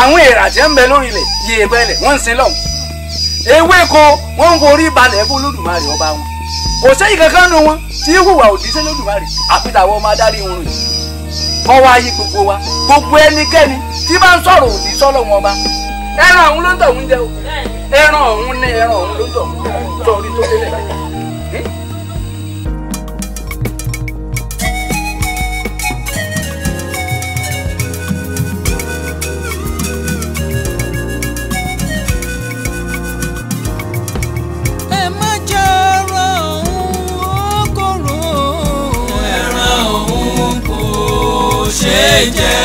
àwọn èèrà tí ń bẹ lórí ilẹ̀ yèèbẹ̀lẹ̀ wọ́n ń sin lọ́hùn ewéko wọ́n ń forí balẹ̀ fún olódùmarè ọba wọn kò sẹ́yìn kankan nu wọn tí hùwà òdì sí olódùmarè àfitàwọn ọmọ adarí wọn rè kọ́ wá yí gbogbo wa gbogbo ẹnikẹ́ni tí bá ń sọ̀rọ̀ òdì sọ́lọ̀ wọn ọba ẹran ọ̀hún ló ń tọ̀ ń jẹ o ẹran ọ̀hún ní ẹran ọ̀hún ló ń tọ̀ ń sọ jẹ́.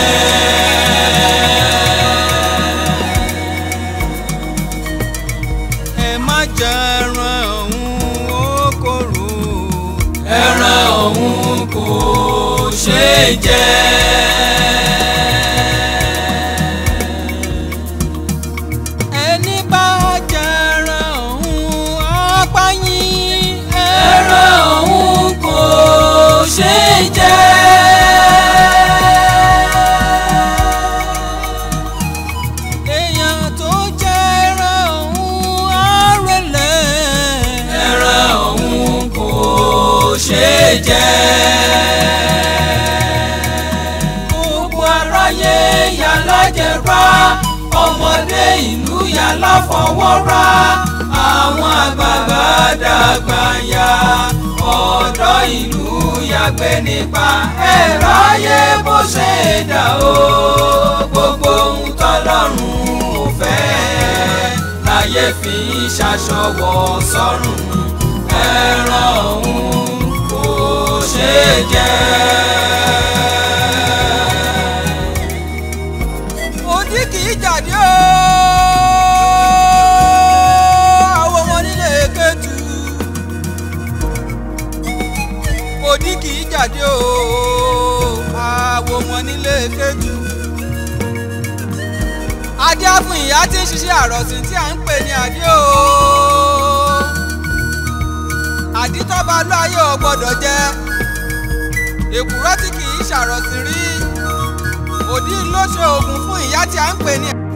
aláfọwọ́rá àwọn àgbààgbà dàgbà ya ọ̀dọ́ ìlú yàgbé nípa ẹ̀rọ ayé bó ṣe dà o gbogbo ohun tọ́lọ́run ò fẹ́ láyé fi ṣaṣọwọ́ sọ́run ẹ̀rọ ọ̀hún kò ṣeé jẹ́. oníṣẹ́ àròsìn tí à ń pè ní àdí o. àdí tọ́ba ò gbọ́dọ̀ jẹ èkùrọ́ tí kì í ṣàròsìn rí òdí ló ṣe fún ìyá tí à ń pè ní.